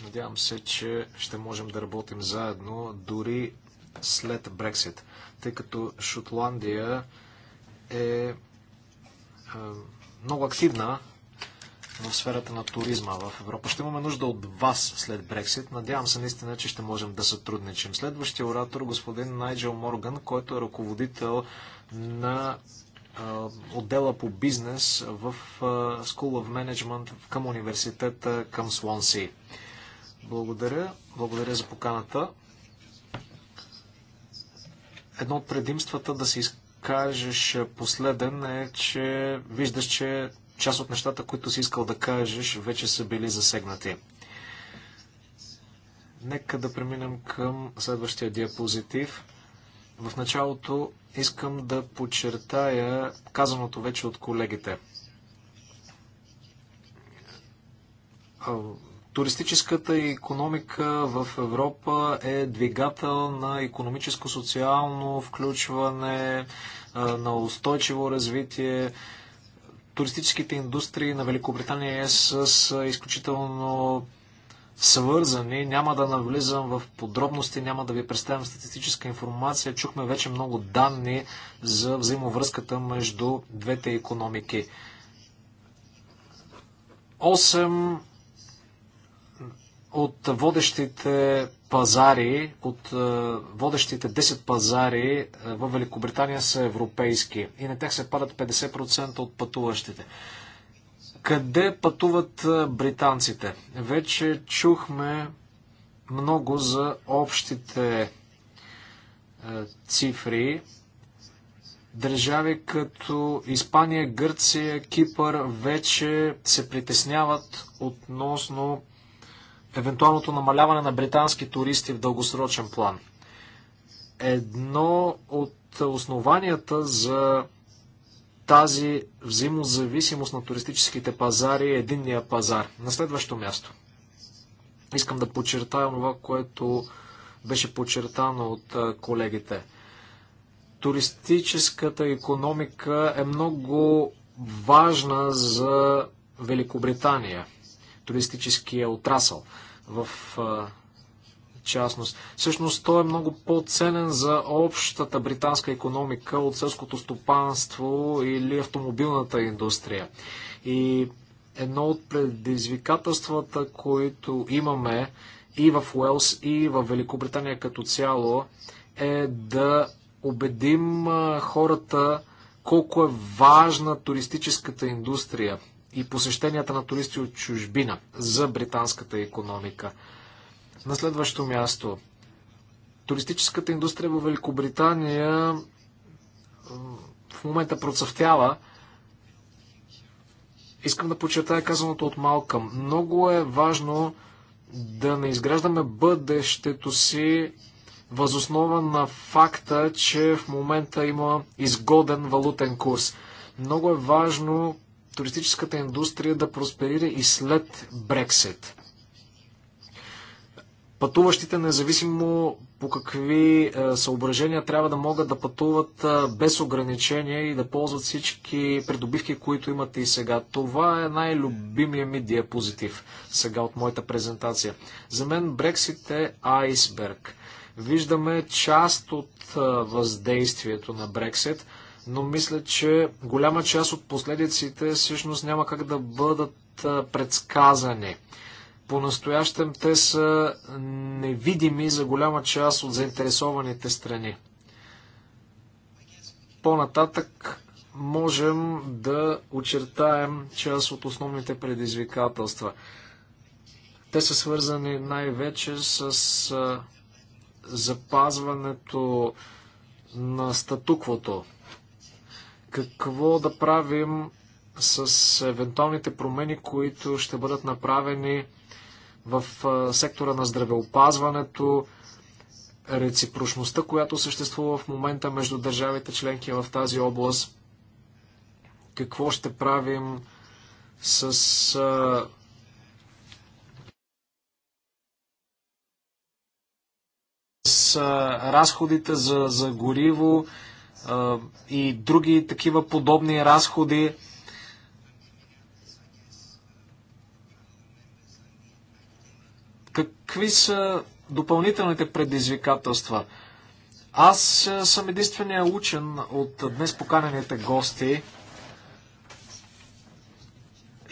Надявам се, че ще можем да работим заедно, дори след Брексит, тъй като Шотландия е, е много активна в сферата на туризма в Европа. Ще имаме нужда от вас след Брексит. Надявам се наистина, че ще можем да сътрудничим. Следващия оратор, господин Найджел Морган, който е ръководител на отдела по бизнес в School of Management към университета към Слонси. Благодаря. Благодаря за поканата едно от предимствата да се изкажеш последен е, че виждаш, че част от нещата, които си искал да кажеш, вече са били засегнати. Нека да преминем към следващия диапозитив. В началото искам да подчертая казаното вече от колегите Туристическата економика в Европа е двигател на економическо-социално включване, на устойчиво развитие. Туристическите индустрии на Великобритания е са с изключително свързани. Няма да навлизам в подробности, няма да ви представям статистическа информация. Чухме вече много данни за взаимовръзката между двете економики. Осем от водещите пазари, от е, водещите 10 пазари е, в Великобритания са европейски и на тях се падат 50% от пътуващите. Къде пътуват е, британците? Вече чухме много за общите цифри. Държави като Испания, Гърция, Кипър вече се притесняват относно евентуалното намаляване на британски туристи в дългосрочен план. Едно от основанията за тази взаимозависимост на туристическите пазари е единния пазар. На следващо място. Искам да подчертая това, което беше подчертано от колегите. Туристическата економика е много важна за Великобритания – туристическия отрасъл в частност. Всъщност той е много по-ценен за общата британска економика от селското стопанство или автомобилната индустрия. И едно от предизвикателствата, които имаме и в Уелс, и в Великобритания като цяло, е да убедим хората колко е важна туристическата индустрия и посещенията на туристи от чужбина за британската економика. На следващо място, туристическата индустрия в Великобритания в момента процъфтява. Искам да подчертая казаното от Малкъм. Много е важно да не изграждаме бъдещето си възоснова на факта, че в момента има изгоден валутен курс. Много е важно туристическата индустрия да просперира и след Брексит. Пътуващите, независимо по какви е, съображения, трябва да могат да пътуват е, без ограничения и да ползват всички придобивки, които имат и сега. Това е най-любимия ми диапозитив сега от моята презентация. За мен Брексит е айсберг. Виждаме част от е, въздействието на Брексит – но мисля, че голяма част от последиците всъщност няма как да бъдат предсказани. По-настоящем те са невидими за голяма част от заинтересованите страни. По-нататък можем да очертаем част от основните предизвикателства. Те са свързани най-вече с запазването на статуквото какво да правим с евентуалните промени, които ще бъдат направени в сектора на здравеопазването, реципрочността, която съществува в момента между държавите членки в тази област, какво ще правим с разходите за, за гориво, и други такива подобни разходи. Какви са допълнителните предизвикателства? Аз съм единствения учен от днес поканените гости.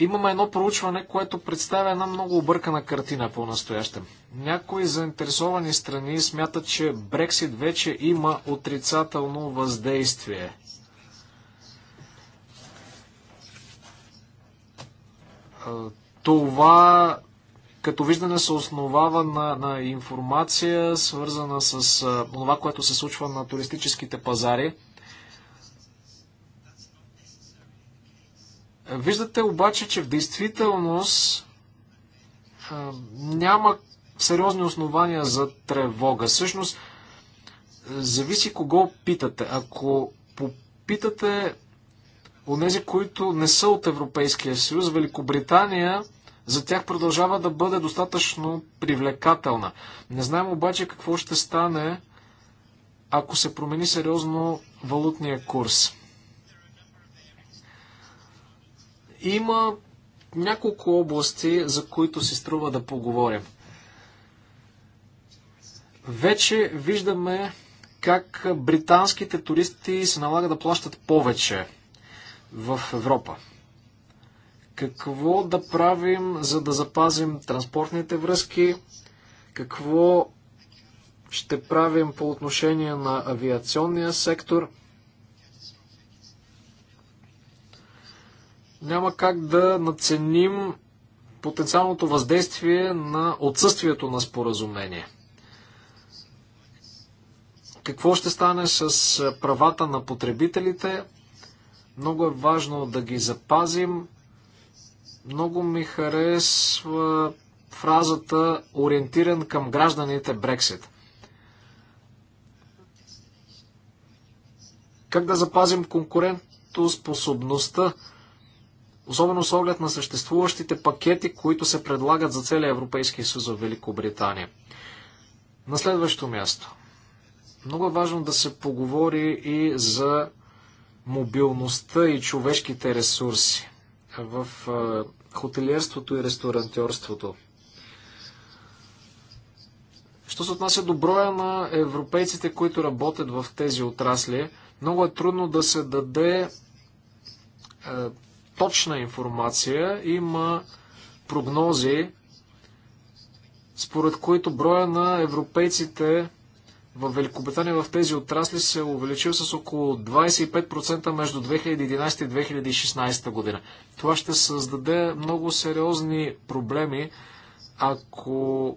Имаме едно проучване, което представя една много объркана картина по-настоящем. Някои заинтересовани страни смятат, че Брексит вече има отрицателно въздействие. Това като виждане се основава на, на информация, свързана с това, което се случва на туристическите пазари – Виждате обаче, че в действителност няма сериозни основания за тревога. Всъщност, зависи кого питате. Ако попитате онези, които не са от Европейския съюз, Великобритания за тях продължава да бъде достатъчно привлекателна. Не знаем обаче какво ще стане, ако се промени сериозно валутния курс. Има няколко области, за които си струва да поговорим. Вече виждаме как британските туристи се налага да плащат повече в Европа. Какво да правим, за да запазим транспортните връзки? Какво ще правим по отношение на авиационния сектор? няма как да наценим потенциалното въздействие на отсъствието на споразумение. Какво ще стане с правата на потребителите? Много е важно да ги запазим. Много ми харесва фразата ориентиран към гражданите Брексит. Как да запазим конкурентоспособността способността особено с оглед на съществуващите пакети, които се предлагат за целия Европейски съюз в Великобритания. На следващо място. Много е важно да се поговори и за мобилността и човешките ресурси в хотелиерството и ресторантьорството. Що се отнася до броя на европейците, които работят в тези отрасли, много е трудно да се даде точна информация, има прогнози, според които броя на европейците в Великобритания в тези отрасли се е увеличил с около 25% между 2011 и 2016 година. Това ще създаде много сериозни проблеми, ако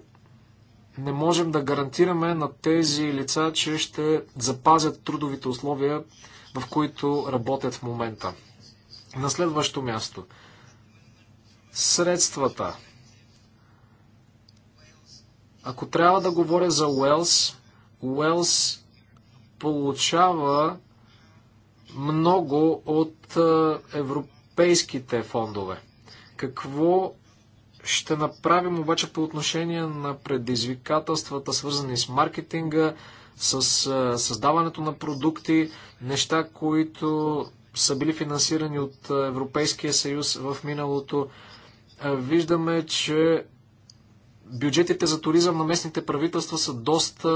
не можем да гарантираме на тези лица, че ще запазят трудовите условия, в които работят в момента. На следващо място. Средствата. Ако трябва да говоря за Уелс, Уелс получава много от европейските фондове. Какво ще направим обаче по отношение на предизвикателствата, свързани с маркетинга, с създаването на продукти, неща, които са били финансирани от Европейския съюз в миналото. Виждаме, че бюджетите за туризъм на местните правителства са доста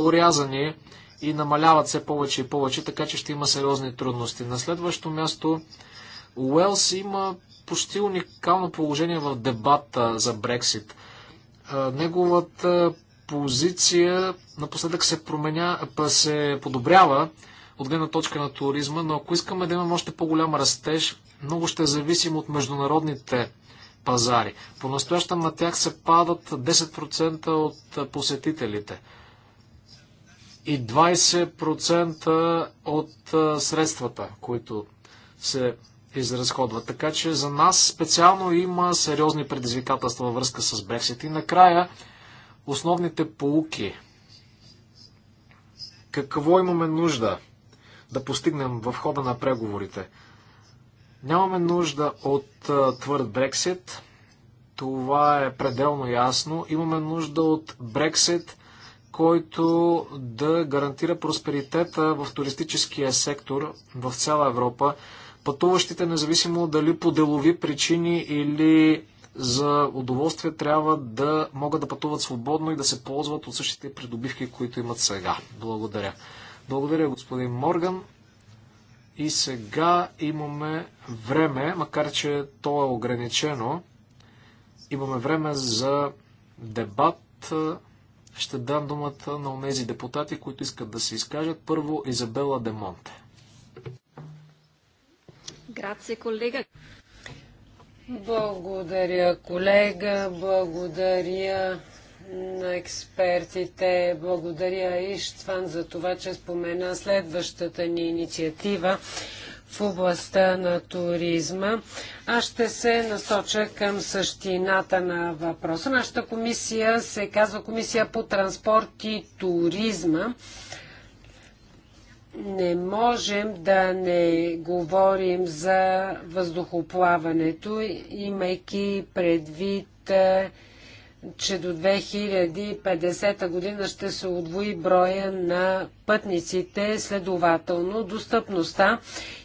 урязани и намаляват все повече и повече, така че ще има сериозни трудности. На следващо място Уелс има почти уникално положение в дебата за Брексит. Неговата позиция напоследък се, променя, се подобрява от гледна точка на туризма, но ако искаме да имаме още по-голям растеж, много ще зависим от международните пазари. По-настоящем на тях се падат 10% от посетителите и 20% от средствата, които се изразходват. Така че за нас специално има сериозни предизвикателства във връзка с Брексит. И накрая основните полуки. Какво имаме нужда? да постигнем в хода на преговорите. Нямаме нужда от твърд Брексит. Това е пределно ясно. Имаме нужда от Брексит, който да гарантира просперитета в туристическия сектор в цяла Европа. Пътуващите, независимо дали по делови причини или за удоволствие, трябва да могат да пътуват свободно и да се ползват от същите придобивки, които имат сега. Благодаря. Благодаря, господин Морган. И сега имаме време, макар че то е ограничено. Имаме време за дебат. Ще дам думата на тези депутати, които искат да се изкажат. Първо Изабела Демонте. Грация, колега. Благодаря, колега. Благодаря на експертите. Благодаря Иштван за това, че спомена следващата ни инициатива в областта на туризма. Аз ще се насоча към същината на въпроса. Нашата комисия се казва Комисия по транспорт и туризма. Не можем да не говорим за въздухоплаването, имайки предвид е, че до 2050 година ще се удвои броя на пътниците, следователно достъпността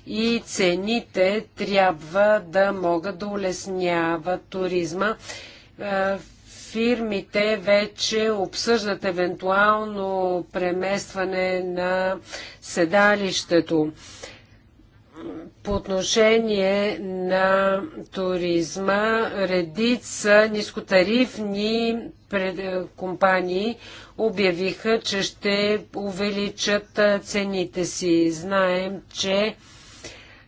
и цените трябва да могат да улесняват туризма. Е, фирмите вече обсъждат евентуално преместване на седалището. По отношение на туризма, редица нискотарифни е, компании обявиха, че ще увеличат е, цените си. Знаем, че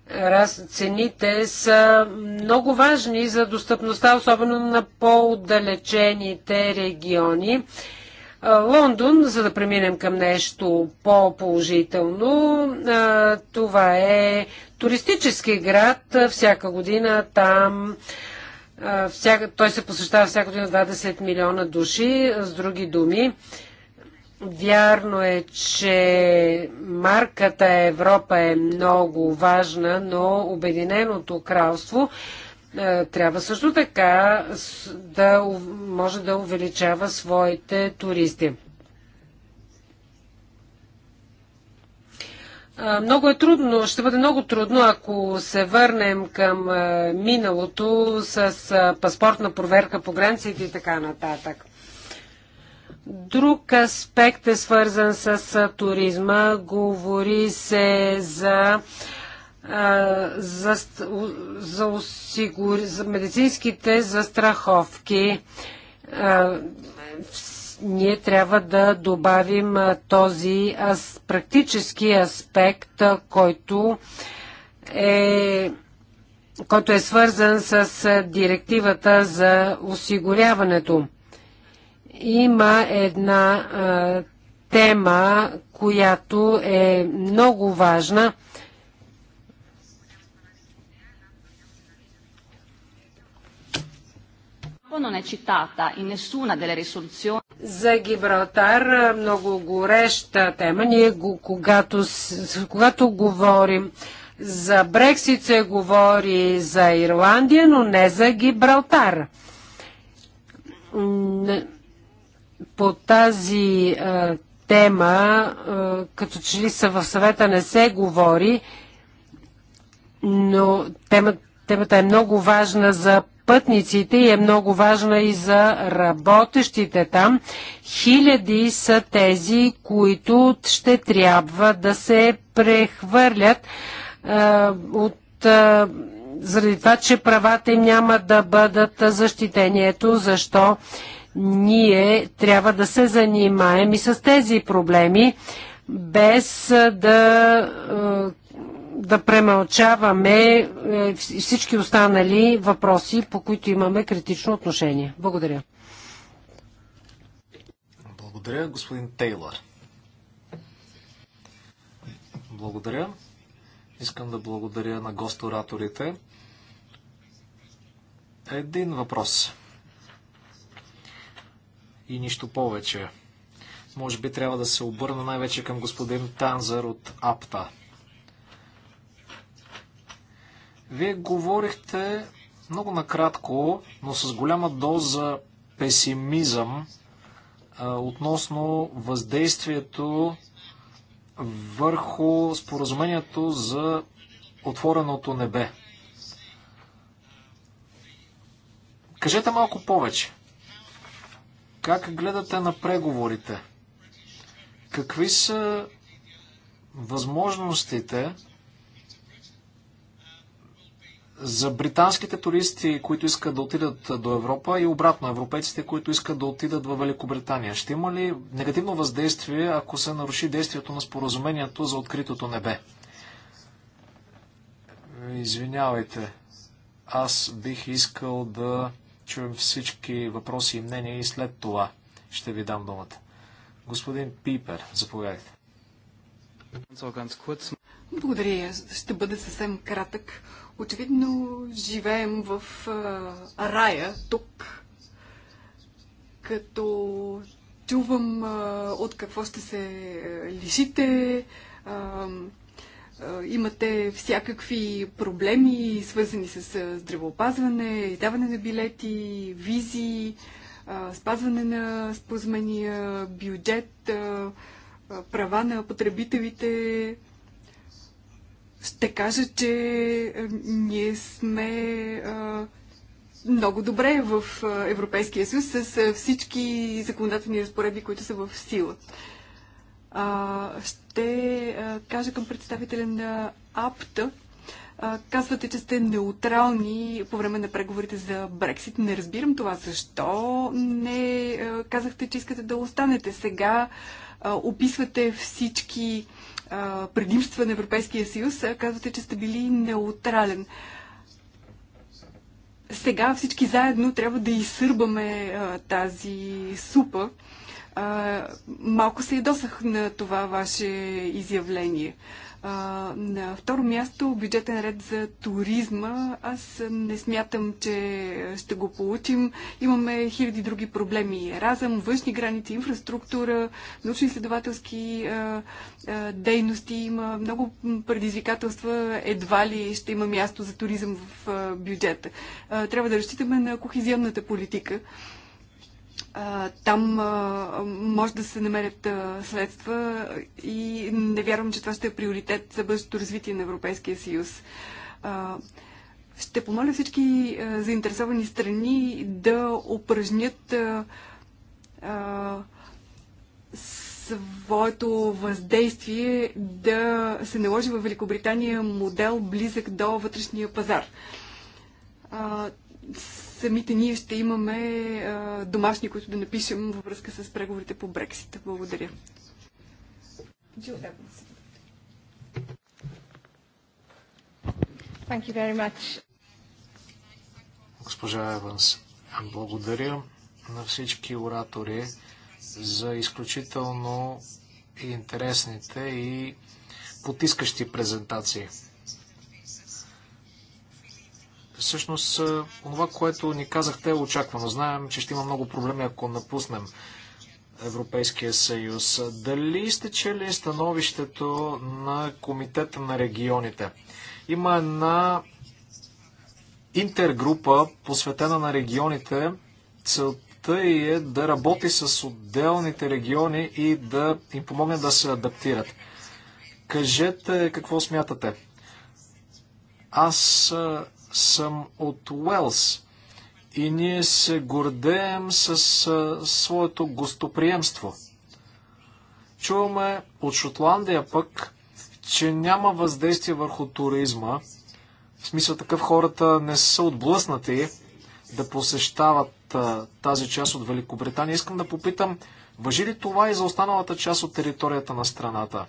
е, цените са много важни за достъпността, особено на по-отдалечените региони. Лондон, за да преминем към нещо по-положително, това е туристически град. Всяка година там всяка, той се посещава всяка година 20 милиона души. С други думи, Вярно е, че марката Европа е много важна, но Обединеното кралство е, трябва също така да може да увеличава своите туристи. Е, много е трудно, ще бъде много трудно, ако се върнем към е, миналото с паспортна проверка по границите и така нататък. Друг аспект е свързан с туризма. Говори се за за, за, осигур... за медицинските застраховки. Ние трябва да добавим този аз, практически аспект, който е който е свързан с директивата за осигуряването. Има една а, тема, която е много важна – non è citata in nessuna delle risoluzioni. За Гибралтар много гореща тема. Ние го, когато, когато говорим за Брексит се говори за Ирландия, но не за Гибралтар. По тази а, тема, а, като че ли са в съвета не се говори, но темата, темата е много важна за пътниците и е много важна и за работещите там. Хиляди са тези, които ще трябва да се прехвърлят а, от а, заради това, че правата им няма да бъдат защитението, защо ние трябва да се занимаем и с тези проблеми, без да да премълчаваме е, всички останали въпроси, по които имаме критично отношение. Благодаря. Благодаря, господин Тейлор. Благодаря. Искам да благодаря на гостораторите. Един въпрос. И нищо повече. Може би трябва да се обърна най-вече към господин Танзър от АПТА. Вие говорихте много накратко, но с голяма доза песимизъм а, относно въздействието върху споразумението за отвореното небе. Кажете малко повече. Как гледате на преговорите? Какви са възможностите за британските туристи, които искат да отидат до Европа и обратно европейците, които искат да отидат в Великобритания. Ще има ли негативно въздействие, ако се наруши действието на споразумението за откритото небе? Извинявайте, аз бих искал да чуем всички въпроси и мнения и след това ще ви дам думата. Господин Пипер, заповядайте. Благодаря. Ще бъде съвсем кратък. Очевидно живеем в а, рая тук, като чувам а, от какво ще се лишите. А, имате всякакви проблеми, свързани с здравеопазване, издаване на билети, визи, спазване на споразумения, бюджет, права на потребителите, ще кажа, че е, ние сме е, много добре в е, Европейския съюз с всички законодателни разпоредби, които са в сила. Ще кажа към представителя на АПТА. Казвате, че сте неутрални по време на преговорите за Брексит. Не разбирам това. Защо не казахте, че искате да останете сега? Описвате всички предимства на Европейския съюз, казвате, че сте били неутрален. Сега всички заедно трябва да изсърбаме тази супа. А, малко се ядосах на това ваше изявление. А, на второ място бюджетен ред за туризма. Аз не смятам, че ще го получим. Имаме хиляди други проблеми. Разъм, външни граници, инфраструктура, научно-изследователски дейности. Има много предизвикателства. Едва ли ще има място за туризъм в бюджета. Трябва да разчитаме на кохезионната политика там може да се намерят средства и не вярвам, че това ще е приоритет за бъдещото развитие на Европейския съюз. Ще помоля всички заинтересовани страни да упражнят своето въздействие да се наложи в Великобритания модел близък до вътрешния пазар. самите ние ще имаме домашни, които да напишем във връзка с преговорите по Брексит. Благодаря. Jill Evans. Thank you very much. Госпожа Еванс, благодаря на всички оратори за изключително интересните и потискащи презентации. Всъщност, това, което ни казахте е очаквано. Знаем, че ще има много проблеми, ако напуснем Европейския съюз. Дали сте чели становището на Комитета на регионите? Има една интергрупа, посветена на регионите. Целта е да работи с отделните региони и да им помогне да се адаптират. Кажете какво смятате. Аз съм от Уелс и ние се гордеем с а, своето гостоприемство. Чуваме от Шотландия пък, че няма въздействие върху туризма. В смисъл такъв хората не са отблъснати да посещават а, тази част от Великобритания. Искам да попитам, въжи ли това и за останалата част от територията на страната?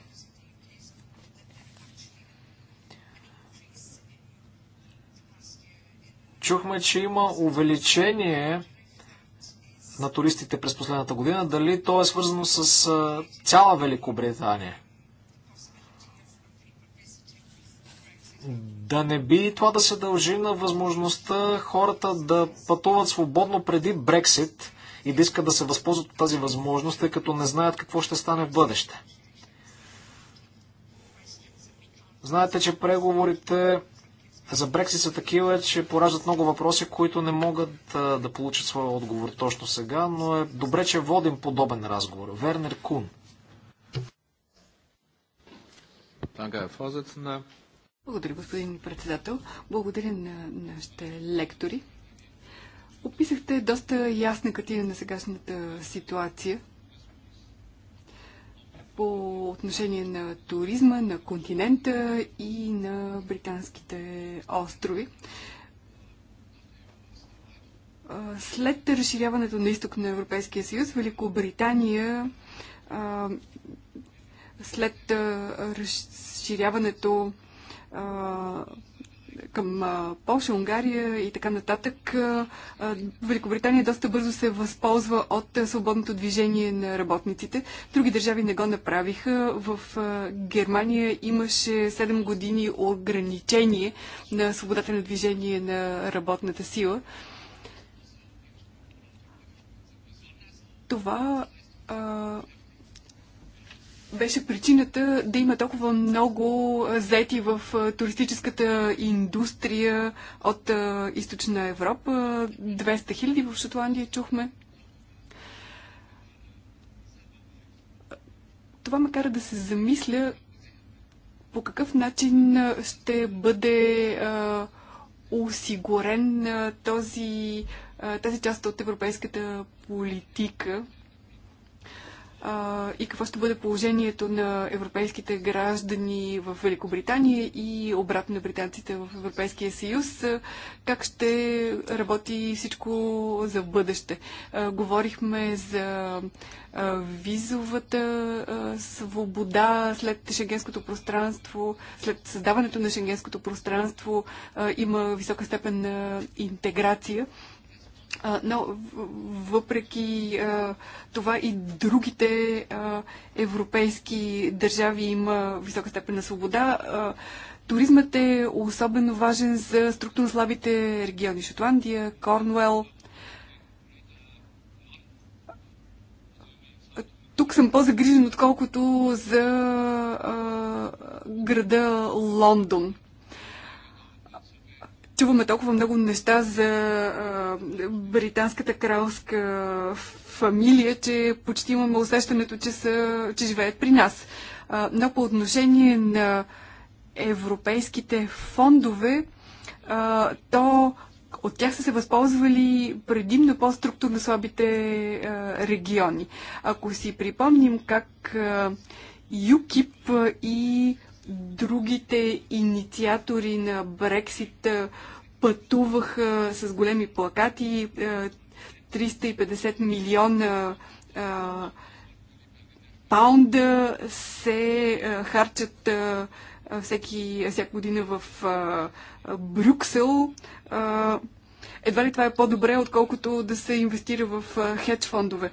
Чухме, че има увеличение на туристите през последната година. Дали то е свързано с цяла Великобритания? Да не би това да се дължи на възможността хората да пътуват свободно преди Брексит и да искат да се възползват от тази възможност, тъй като не знаят какво ще стане в бъдеще. Знаете, че преговорите за Брексит са такива, че пораждат много въпроси, които не могат да, да получат своя отговор точно сега, но е добре, че водим подобен разговор. Вернер Кун. Благодаря, господин председател. Благодаря на нашите лектори. Описахте доста ясна картина на сегашната ситуация по отношение на туризма, на континента и на британските острови. След разширяването на изток на Европейския съюз, Великобритания след разширяването към Польша, Унгария и така нататък, Великобритания доста бързо се възползва от свободното движение на работниците. Други държави не го направиха. В Германия имаше 7 години ограничение на свободата на движение на работната сила. Това беше причината да има толкова много заети в туристическата индустрия от източна Европа. 200 хиляди в Шотландия чухме. Това ме кара да се замисля по какъв начин ще бъде осигурен този, тази част от европейската политика а, и какво ще бъде положението на европейските граждани в Великобритания и обратно на британците в Европейския съюз, как ще работи всичко за бъдеще. А, говорихме за а, визовата а, свобода след шенгенското пространство, след създаването на шенгенското пространство а, има висока степен на интеграция но въпреки това и другите европейски държави има висока степен на свобода. Туризмът е особено важен за структурно слабите региони. Шотландия, Корнуел. Тук съм по-загрижен, отколкото за а, града Лондон чуваме толкова много неща за а, британската кралска фамилия, че почти имаме усещането, че, са, че живеят при нас. А, но по отношение на европейските фондове, а, то от тях са се възползвали предимно по-структурно слабите а, региони. Ако си припомним как а, ЮКИП и другите инициатори на Брексит пътуваха с големи плакати, 350 е, милиона паунда се харчат всеки, всяка година в Брюксел. Едва ли това е по-добре, отколкото да се инвестира в хедж фондове?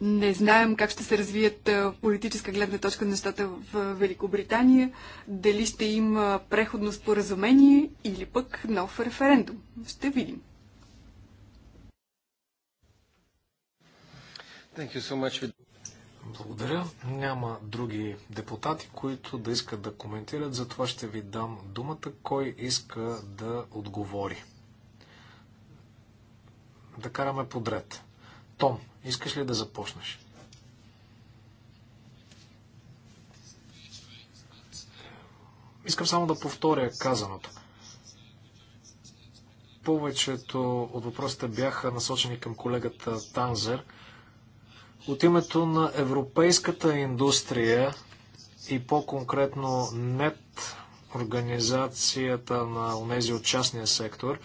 Не знаем как ще се развият политическа гледна точка на нещата в Великобритания, дали ще има преходно споразумение или пък нов референдум. Ще видим. Благодаря. Няма други депутати, които да искат да коментират, затова ще ви дам думата. Кой иска да отговори? Да караме подред. Том, Искаш ли да започнеш? Искам само да повторя казаното. Повечето от въпросите бяха насочени към колегата Танзер. От името на европейската индустрия и по-конкретно НЕТ, организацията на тези от частния сектор,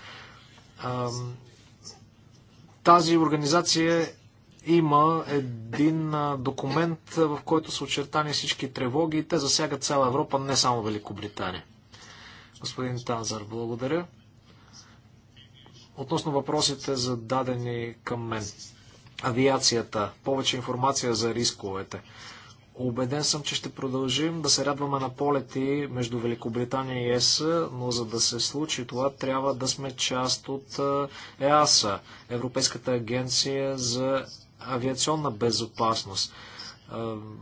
тази организация има един документ, в който са очертани всички тревоги и те засягат цяла Европа, не само Великобритания. Господин Танзар, благодаря. Относно въпросите зададени към мен. Авиацията, повече информация за рисковете. Обеден съм, че ще продължим да се радваме на полети между Великобритания и ЕС, но за да се случи това, трябва да сме част от ЕАСА, Европейската агенция за авиационна безопасност.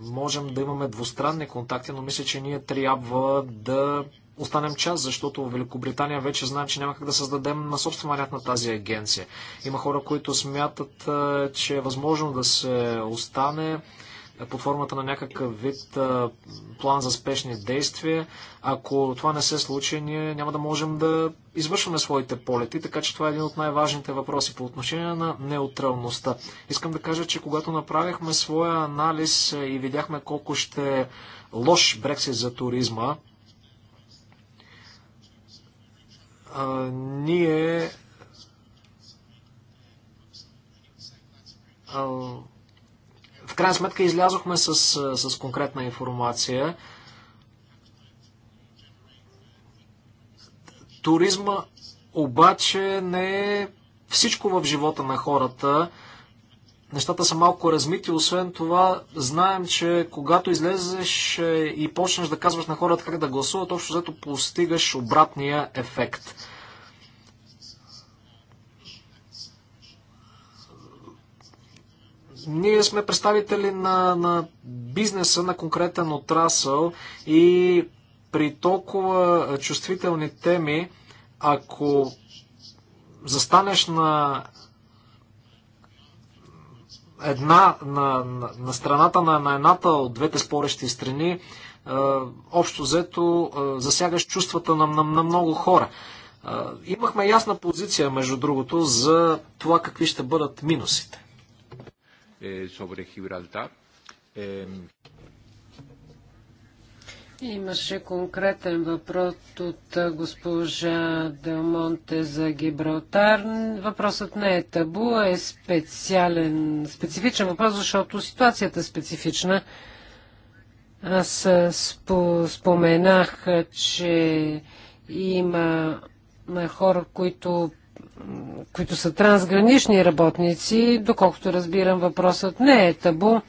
Можем да имаме двустранни контакти, но мисля, че ние трябва да останем част, защото в Великобритания вече знаем, че няма как да създадем на собствен ряд на тази агенция. Има хора, които смятат, че е възможно да се остане под формата на някакъв вид а, план за спешни действия. Ако това не се случи, ние няма да можем да извършваме своите полети, така че това е един от най-важните въпроси по отношение на неутралността. Искам да кажа, че когато направихме своя анализ и видяхме колко ще е лош Брексит за туризма, а, ние а, крайна сметка излязохме с, с конкретна информация. Туризма обаче не е всичко в живота на хората. Нещата са малко размити. Освен това, знаем, че когато излезеш е, и почнеш да казваш на хората как да гласуват, общо взето постигаш обратния ефект. Ние сме представители на, на бизнеса, на конкретен отрасъл и при толкова чувствителни теми, ако застанеш на една, на, на, на страната на, на едната от двете спорещи страни, е, общо взето е, засягаш чувствата на, на, на много хора. Е, имахме ясна позиция, между другото, за това какви ще бъдат минусите. Eh, sobre Eh... Имаше конкретен въпрос от госпожа Делмонте за Гибралтар. Въпросът не е табу, а е специален, специфичен въпрос, защото ситуацията е специфична. Аз споменах, че има хора, които които са трансгранични работници. Доколкото разбирам, въпросът не е табу.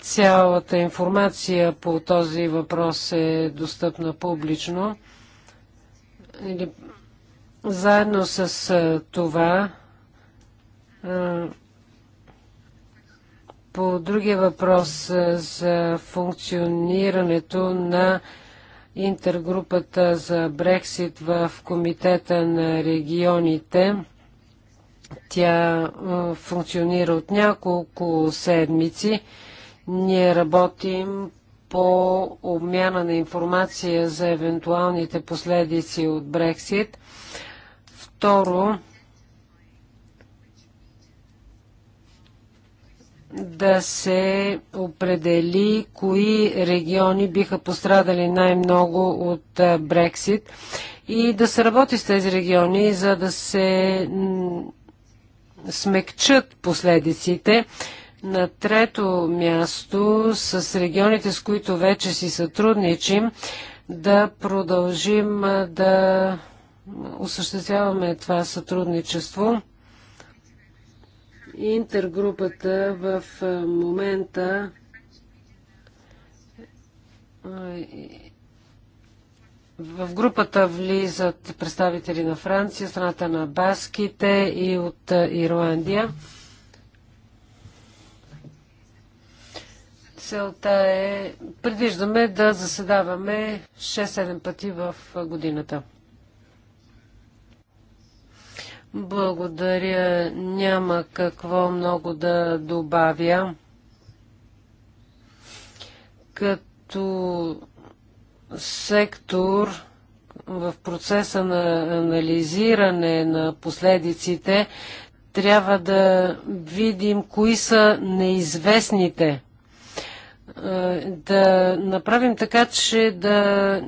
Цялата информация по този въпрос е достъпна публично. Или... Заедно с това, по другия въпрос за функционирането на интергрупата за Брексит в Комитета на регионите. Тя е, функционира от няколко седмици. Ние работим по обмяна на информация за евентуалните последици от Брексит. Второ, да се определи кои региони биха пострадали най-много от Брексит и да се работи с тези региони, за да се смекчат последиците. На трето място с регионите, с които вече си сътрудничим, да продължим да осъществяваме това сътрудничество. Интергрупата в момента в групата влизат представители на Франция, страната на Баските и от Ирландия. Целта е, предвиждаме да заседаваме 6-7 пъти в годината. Благодаря. Няма какво много да добавя. Като сектор в процеса на анализиране на последиците, трябва да видим кои са неизвестните. Да направим така, че да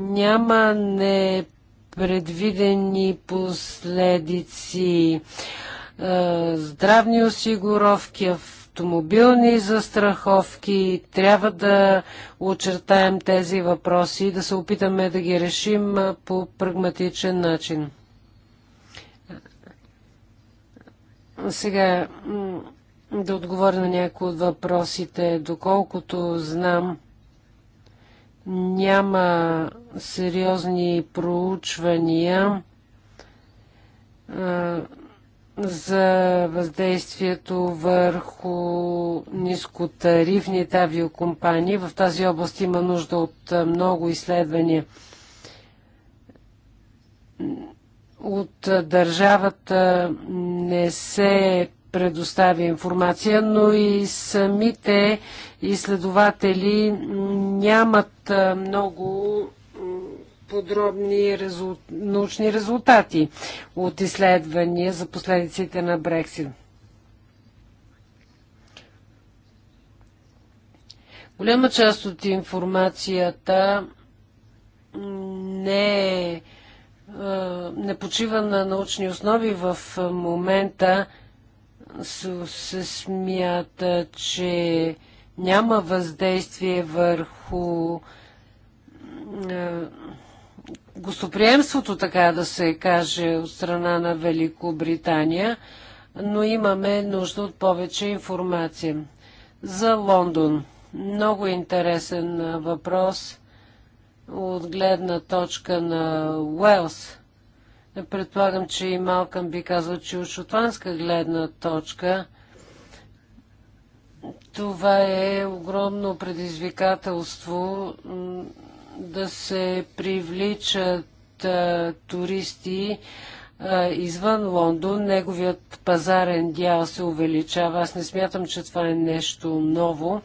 няма не предвидени последици, здравни осигуровки, автомобилни застраховки. Трябва да очертаем тези въпроси и да се опитаме да ги решим по прагматичен начин. Сега да отговоря на някои от въпросите. Доколкото знам, няма сериозни проучвания за въздействието върху нискотарифните авиокомпании. В тази област има нужда от много изследвания от държавата не се предоставя информация, но и самите изследователи нямат много подробни резул... научни резултати от изследвания за последиците на Брексит. Голяма част от информацията не, е, не почива на научни основи в момента се смята, че няма въздействие върху е, гостоприемството, така да се каже, от страна на Великобритания, но имаме нужда от повече информация. За Лондон. Много интересен е, въпрос от гледна точка на Уелс. Предполагам, че и Малкъм би казал, че от шотландска гледна точка това е огромно предизвикателство да се привличат а, туристи а, извън Лондон. Неговият пазарен дял се увеличава. Аз не смятам, че това е нещо ново.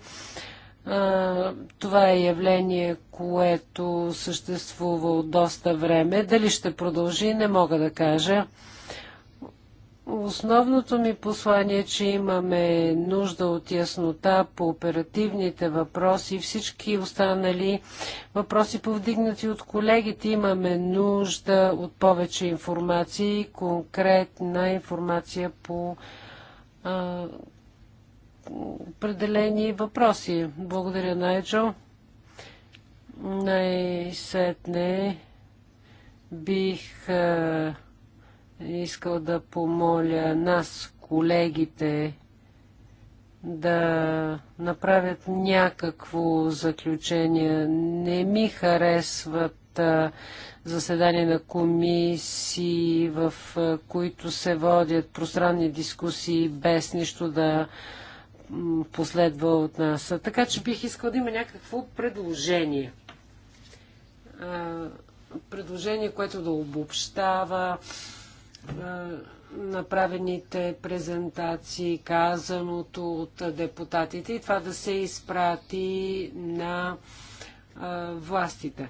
Това е явление, което съществува от доста време. Дали ще продължи, не мога да кажа. Основното ми послание е, че имаме нужда от яснота по оперативните въпроси, всички останали въпроси повдигнати от колегите. Имаме нужда от повече информация и конкретна информация по а, определени въпроси. Благодаря, Найджо. Най-сетне бих искал да помоля нас, колегите, да направят някакво заключение. Не ми харесват а, заседания на комисии, в а, които се водят пространни дискусии без нищо да последва от нас. Така че бих искал да има някакво предложение. Предложение, което да обобщава направените презентации, казаното от депутатите и това да се изпрати на властите.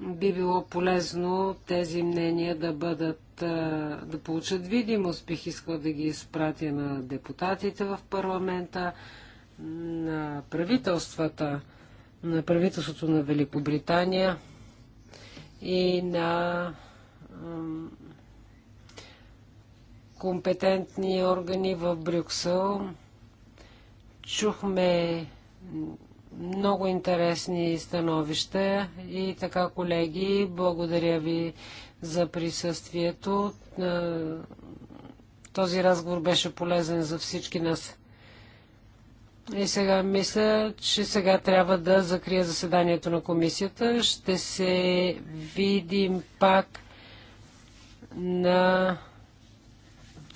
би било полезно тези мнения да бъдат да получат видимост. Бих искал да ги изпратя на депутатите в парламента, на правителствата, на правителството на Великобритания и на компетентни органи в Брюксел. Чухме много интересни становища и така, колеги, благодаря ви за присъствието. Е, този разговор беше полезен за всички нас. И сега мисля, че сега трябва да закрия заседанието на комисията. Ще се видим пак на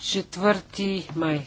4 май.